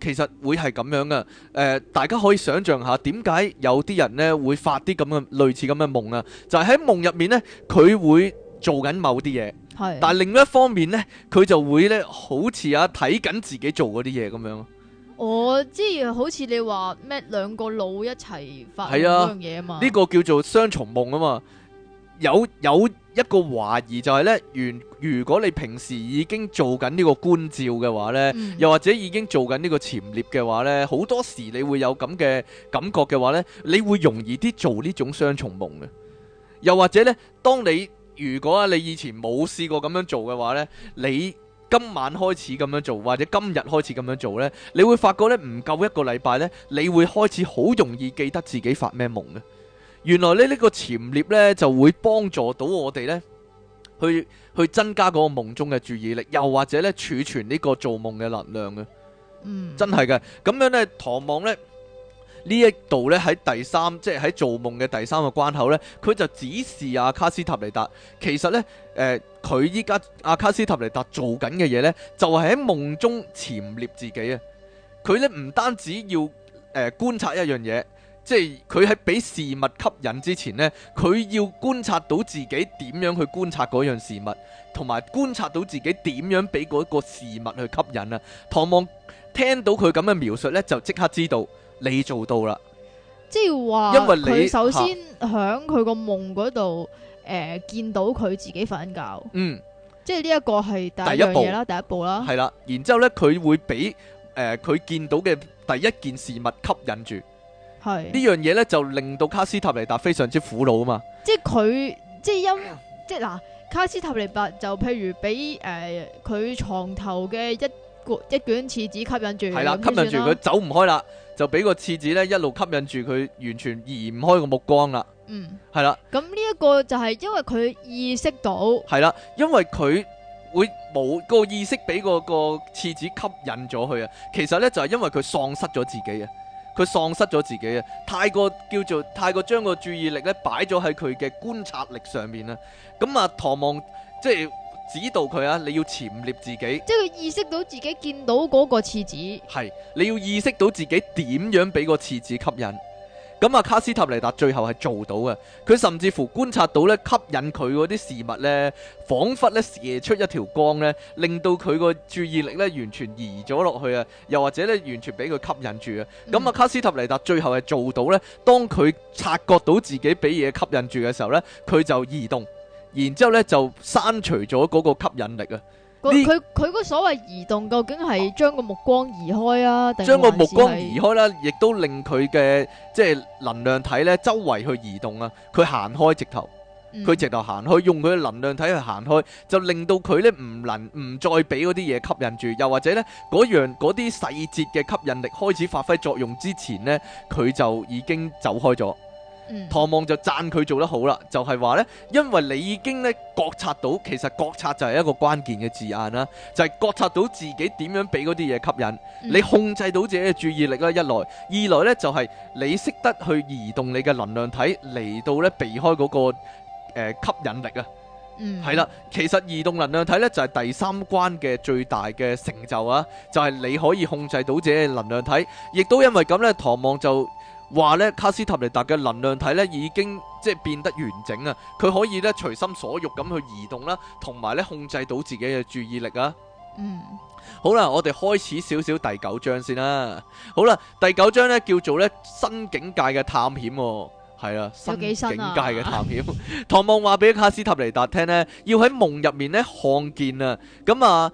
其實會係咁樣噶，誒、呃，大家可以想象下點解有啲人咧會發啲咁嘅類似咁嘅夢啊，就係喺夢入面咧，佢會做緊某啲嘢，係，但係另一方面咧，佢就會咧好似啊睇緊自己做嗰啲嘢咁樣。我知，好似你話咩兩個腦一齊發係啊，嗰樣嘢啊嘛，呢個叫做雙重夢啊嘛。有有一個懷疑就係呢，如如果你平時已經做緊呢個觀照嘅話呢，嗯、又或者已經做緊呢個潛獵嘅話呢，好多時你會有咁嘅感覺嘅話呢，你會容易啲做呢種雙重夢嘅。又或者呢，當你如果啊你以前冇試過咁樣做嘅話呢，你今晚開始咁樣做，或者今日開始咁樣做呢，你會發覺呢唔夠一個禮拜呢，你會開始好容易記得自己發咩夢嘅。原來咧呢、這個潛獵呢，就會幫助到我哋呢，去去增加嗰個夢中嘅注意力，又或者呢，儲存呢個做夢嘅能量嘅，嗯、mm.，真係嘅。咁樣呢，唐望呢，呢一度呢，喺第三，即係喺做夢嘅第三個關口呢，佢就指示阿卡斯塔尼達，其實呢，誒、呃，佢依家阿卡斯塔尼達做緊嘅嘢呢，就係、是、喺夢中潛獵自己啊。佢呢，唔單止要誒、呃、觀察一樣嘢。即係佢喺俾事物吸引之前呢，佢要觀察到自己點樣去觀察嗰樣事物，同埋觀察到自己點樣俾嗰個事物去吸引啊。唐望聽到佢咁嘅描述呢，就即刻知道你做到啦。即係話，因為你首先響佢個夢嗰度誒見到佢自己瞓緊覺，嗯，即係呢一個係第一步啦，第一步啦，係啦。然之後咧，佢會俾誒佢見到嘅第一件事物吸引住。係呢樣嘢咧，就令到卡斯塔尼達非常之苦惱啊嘛即！即係佢，即係因，即係嗱，卡斯塔尼達就譬如俾誒佢床頭嘅一一卷廁紙吸引住，係啦，吸引住佢走唔開啦，的就俾個廁紙咧一路吸引住佢，完全移唔開個目光啦。嗯，係啦的。咁呢一個就係因為佢意識到係啦，因為佢會冇、嗰個意識俾、嗰個、嗰個廁紙吸引咗佢。啊。其實咧就係、係、因為佢喪失咗自己啊。佢喪失咗自己啊！太過叫做太過將個注意力咧擺咗喺佢嘅觀察力上面啦。咁、嗯、啊，唐望即係指導佢啊，你要潛獵自己。即係佢意識到自己見到嗰個廁紙。係，你要意識到自己點樣俾個廁紙吸引。咁啊，卡斯塔尼達最後係做到嘅，佢甚至乎觀察到咧，吸引佢嗰啲事物咧，仿佛咧射出一條光咧，令到佢個注意力咧完全移咗落去啊，又或者咧完全俾佢吸引住啊。咁啊、嗯，卡斯塔尼達最後係做到咧，當佢察覺到自己俾嘢吸引住嘅時候咧，佢就移動，然之後咧就刪除咗嗰個吸引力啊。佢佢佢嗰所謂移動，究竟係將個目光移開啊？定將個目光移開啦，亦都令佢嘅即係能量體咧周圍去移動啊。佢行開直頭，佢直頭行開，用佢嘅能量體去行開，就令到佢咧唔能唔再俾嗰啲嘢吸引住，又或者咧嗰樣嗰啲細節嘅吸引力開始發揮作用之前咧，佢就已經走開咗。唐望就讚佢做得好啦，就係話呢，因為你已經咧覺察到，其實覺察就係一個關鍵嘅字眼啦，就係覺察到自己點樣俾嗰啲嘢吸引，嗯、你控制到自己嘅注意力啦，一來，二來呢，就係你識得去移動你嘅能量體嚟到呢，避開嗰個呃吸引力啊，係啦、嗯，其實移動能量體呢，就係第三關嘅最大嘅成就啊，就係你可以控制到自己嘅能量體，亦都因為咁呢，唐望就。話咧卡斯塔尼達嘅能量體咧已經即係變得完整啊，佢可以咧隨心所欲咁去移動啦，同埋咧控製到自己嘅注意力啊。嗯，好啦，我哋開始少少第九章先啦。好啦，第九章咧叫做咧新境界嘅探險，哦，係啊，新境界嘅探險。唐望話俾卡斯塔尼達聽呢，要喺夢入面咧看見啊，咁啊。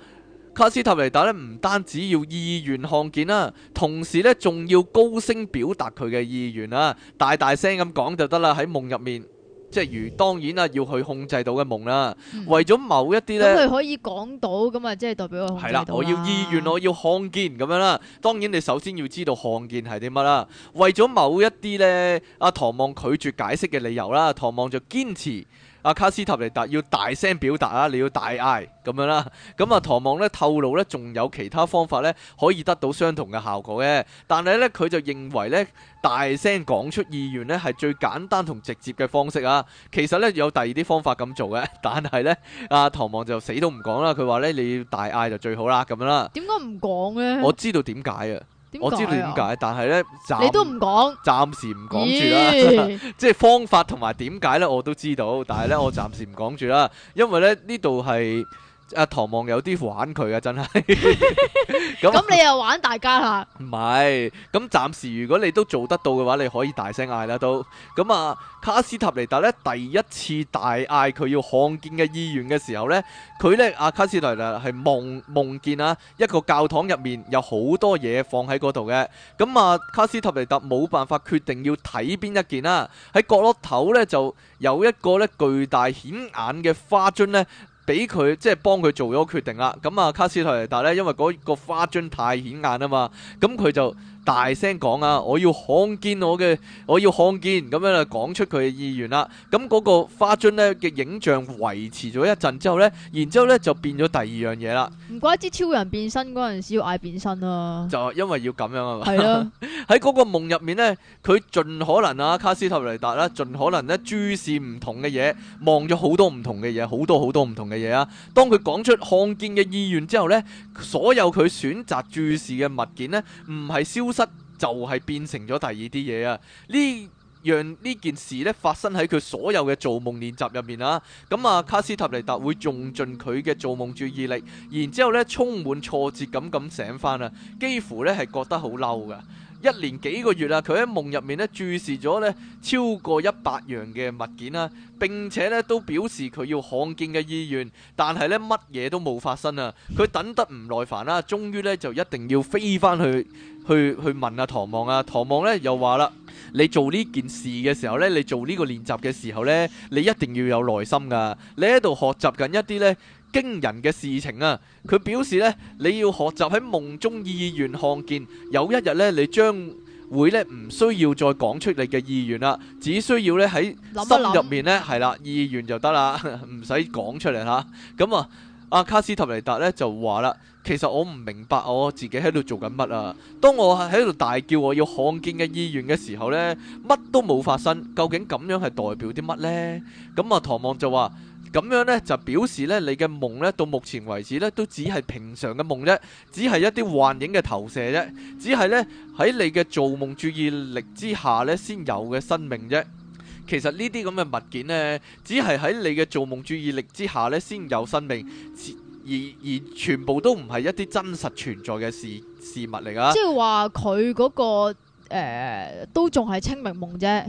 卡斯塔尼達咧唔單止要意願看見啦，同時咧仲要高聲表達佢嘅意願啦，大大聲咁講就得啦。喺夢入面，即係如當然啦，要去控制到嘅夢啦。嗯、為咗某一啲咧，咁佢可以講到，咁啊，即係代表我係啦。我要意願，我要看見咁樣啦。當然，你首先要知道看見係點乜啦。為咗某一啲咧，阿、啊、唐望拒絕解釋嘅理由啦，唐望就堅持。阿、啊、卡斯塔尼達要大聲表達啊！你要大嗌咁樣啦。咁啊，唐望咧透露咧，仲有其他方法咧可以得到相同嘅效果嘅。但係咧，佢就認為咧，大聲講出意願咧係最簡單同直接嘅方式啊。其實咧有第二啲方法咁做嘅，但係咧，阿、啊、唐望就死都唔講啦。佢話咧，你要大嗌就最好啦，咁樣啦、啊。點解唔講咧？我知道點解啊。我知道點解，但係咧，你都唔講，暫時唔講住啦。即係、欸、 (laughs) 方法同埋點解咧，我都知道，但係咧，我暫時唔講住啦，因為咧呢度係。阿唐望有啲玩佢啊，真係咁，你又玩大家吓？唔係，咁暫、啊、時如果你都做得到嘅話，你可以大聲嗌啦，都咁啊。卡斯塔尼達呢第一次大嗌佢要看見嘅意願嘅時候呢，佢呢，阿、啊、卡斯塔尼達係夢，夢見啊一個教堂入面有好多嘢放喺嗰度嘅，咁啊卡斯塔尼達冇辦法決定要睇邊一件啦，啊，喺角落頭呢，就有一個呢巨大顯眼嘅花樽呢。俾佢即係幫佢做咗決定啦，咁啊卡斯塔尼達咧，因為嗰個花樽太顯眼啊嘛，咁佢就。大聲講啊！我要看見我嘅，我要看見咁樣，就講出佢嘅意願啦。咁個花樽咧嘅影像維持咗一陣之後咧，然之後咧就變咗第二樣嘢啦。唔怪之超人變身陣時要嗌變身啦，啊，就因為要咁樣啊嘛。係咯， (laughs) 喺個夢入面咧，佢盡可能啊，卡斯特雷達啦，盡可能咧注視唔同嘅嘢，望咗好多唔同嘅嘢，好多好多唔同嘅嘢啊。當佢講出看見嘅意願之後咧，所有佢選擇注視嘅物件咧，唔係消。失就係變成咗第二啲嘢啊！呢樣呢件事呢發生喺佢所有嘅做夢練習入面啊！咁啊，卡斯塔尼達會用盡佢嘅做夢注意力，然之後呢充滿挫折感咁醒翻啊，幾乎呢係覺得好嬲噶。一年幾個月啊，佢喺夢入面咧注視咗咧超過一百樣嘅物件啦、啊，並且咧都表示佢要看見嘅意願，但係咧乜嘢都冇發生啊。佢等得唔耐煩啦、啊，終於咧就一定要飛返去去去問阿、啊、唐望啊。唐望咧又話啦：你做呢件事嘅時候咧，你做呢個練習嘅時候咧，你一定要有耐心㗎。你喺度學習緊一啲咧驚人嘅事情啊！佢表示咧，你要學習喺夢中意願看見，有一日咧，你將會咧唔需要再講出你嘅意願啦，只需要咧喺心入面咧係啦，意願就得啦，唔使講出嚟吓。咁啊，阿卡斯特尼達咧就話啦，其實我唔明白我自己喺度做緊乜啊！當我喺度大叫我要看見嘅意願嘅時候咧，乜都冇發生，究竟咁樣係代表啲乜咧？咁啊，唐望就話。咁樣呢就表示呢，你嘅夢呢到目前為止呢都只係平常嘅夢啫，只係一啲幻影嘅投射啫，只係呢喺你嘅做夢注意力之下呢先有嘅生命啫。其實呢啲咁嘅物件呢，只係喺你嘅做夢注意力之下呢先有生命，而而全部都唔係一啲真實存在嘅事事物嚟㗎。即係話佢嗰個誒，都仲係清明夢啫。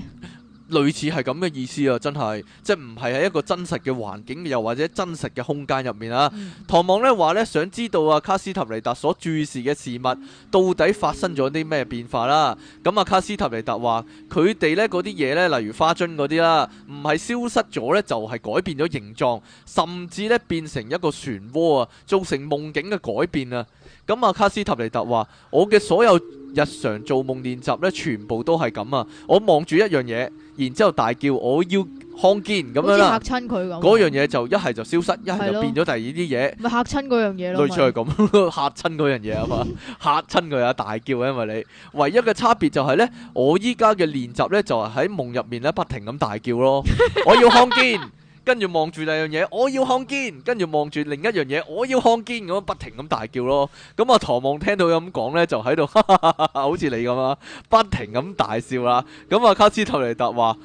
類似係咁嘅意思啊！真係，即係唔係喺一個真實嘅環境，又或者真實嘅空間入面啊？嗯、唐望呢話呢，想知道啊卡斯塔尼達所注視嘅事物，到底發生咗啲咩變化啦？咁啊卡斯塔尼達話，佢哋呢嗰啲嘢呢，例如花樽嗰啲啦，唔係消失咗呢，就係、是、改變咗形狀，甚至呢變成一個漩渦啊，造成夢境嘅改變啊！咁啊卡斯塔尼達話，我嘅所有。日常做夢練習咧，全部都係咁啊！我望住一樣嘢，然之後大叫我要看見咁樣、啊，嚇親佢咁。嗰樣嘢就一係就消失，一係的就變咗第二啲嘢。咪嚇親嗰樣嘢咯，對，類似係咁嚇親嗰樣嘢啊嘛， (laughs) 嚇親佢啊，大叫啊，因為你唯一嘅差別就係咧，我依家嘅練習咧就係喺夢入面咧不停咁大叫咯， (laughs) 我要看見。 (laughs) 跟住望住第二樣嘢，我要看見；跟住望住另一樣嘢，我要看見。咁啊，不停咁大叫咯。咁、嗯、啊，唐望聽到咁講呢，就喺度，哈哈哈哈好似你咁啊，不停咁大笑啦。咁、嗯、啊，卡斯特尼達話：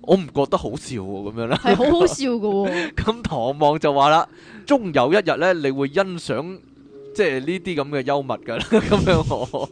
我唔覺得好笑咁、哦、樣啦，係好是 (laughs) 好笑嘅喎、哦。咁、嗯、唐望就話啦：終有一日呢，你會欣賞。即係呢啲咁嘅幽默㗎啦，咁 (laughs) 樣我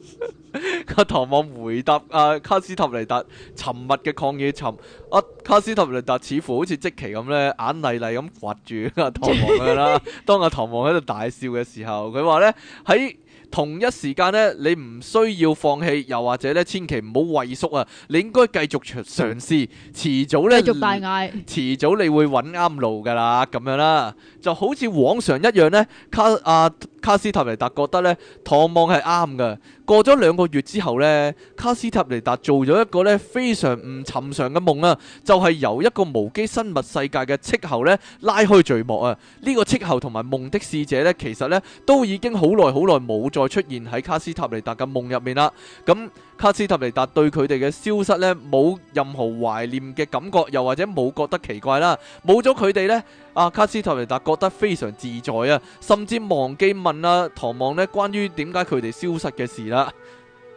阿唐望回答啊，卡斯塔尼達沉默嘅抗議沉，阿、啊、卡斯塔尼達似乎好似即其咁咧，眼厲厲咁刮住阿、啊、唐、 (laughs) 啊、望去啦。當阿唐望喺度大笑嘅時候，佢話咧喺。同一時間咧，你唔需要放棄，又或者咧，千祈唔好畏縮啊！你應該繼續嘗試，遲早咧，繼續大嗌，遲早你會揾啱路㗎啦，咁樣啦，就好似往常一樣呢。卡阿、啊、卡斯塔尼達覺得呢，唐望係啱㗎。過咗兩個月之後呢，卡斯塔尼達做咗一個呢非常唔尋常嘅夢啊，就係、是、由一個無機生物世界嘅斥候呢，拉開序幕啊！呢、這個斥候同埋夢的使者呢，其實呢，都已經好耐好耐冇再出現喺卡斯塔尼達嘅夢入面啦，咁。卡斯塔尼達對佢哋嘅消失咧冇任何懷念嘅感覺，又或者冇覺得奇怪啦。冇咗佢哋咧，阿卡斯塔尼達覺得非常自在啊，甚至忘記問阿唐望咧關於點解佢哋消失嘅事啦。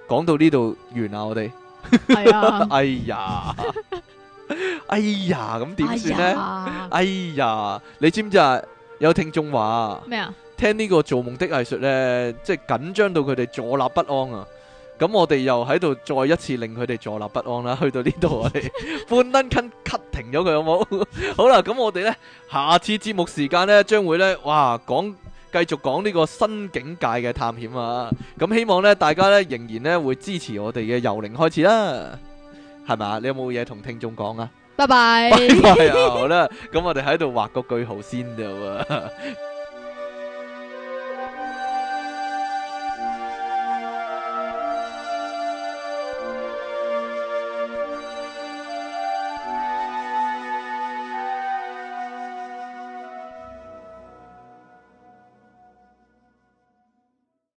講到呢度完啦，我哋。係啊。哎呀，哎呀，咁點算咧？哎呀，你知唔知啊？有聽眾話咩啊？聽呢個做夢的藝術咧，即係緊張到佢哋坐立不安啊！咁我哋又喺度再一次令佢哋坐立不安啦，去到呢度我哋半登坑咳停咗佢好冇？ (laughs) 好啦，咁我哋呢，下次節目時間呢，將會呢，哇講繼續講呢個新境界嘅探險啊！咁希望呢，大家呢，仍然呢，會支持我哋嘅由零開始啦，係咪？你有冇嘢同聽眾講啊？拜拜，拜拜，好啦，咁我哋喺度畫個句號先就 (laughs)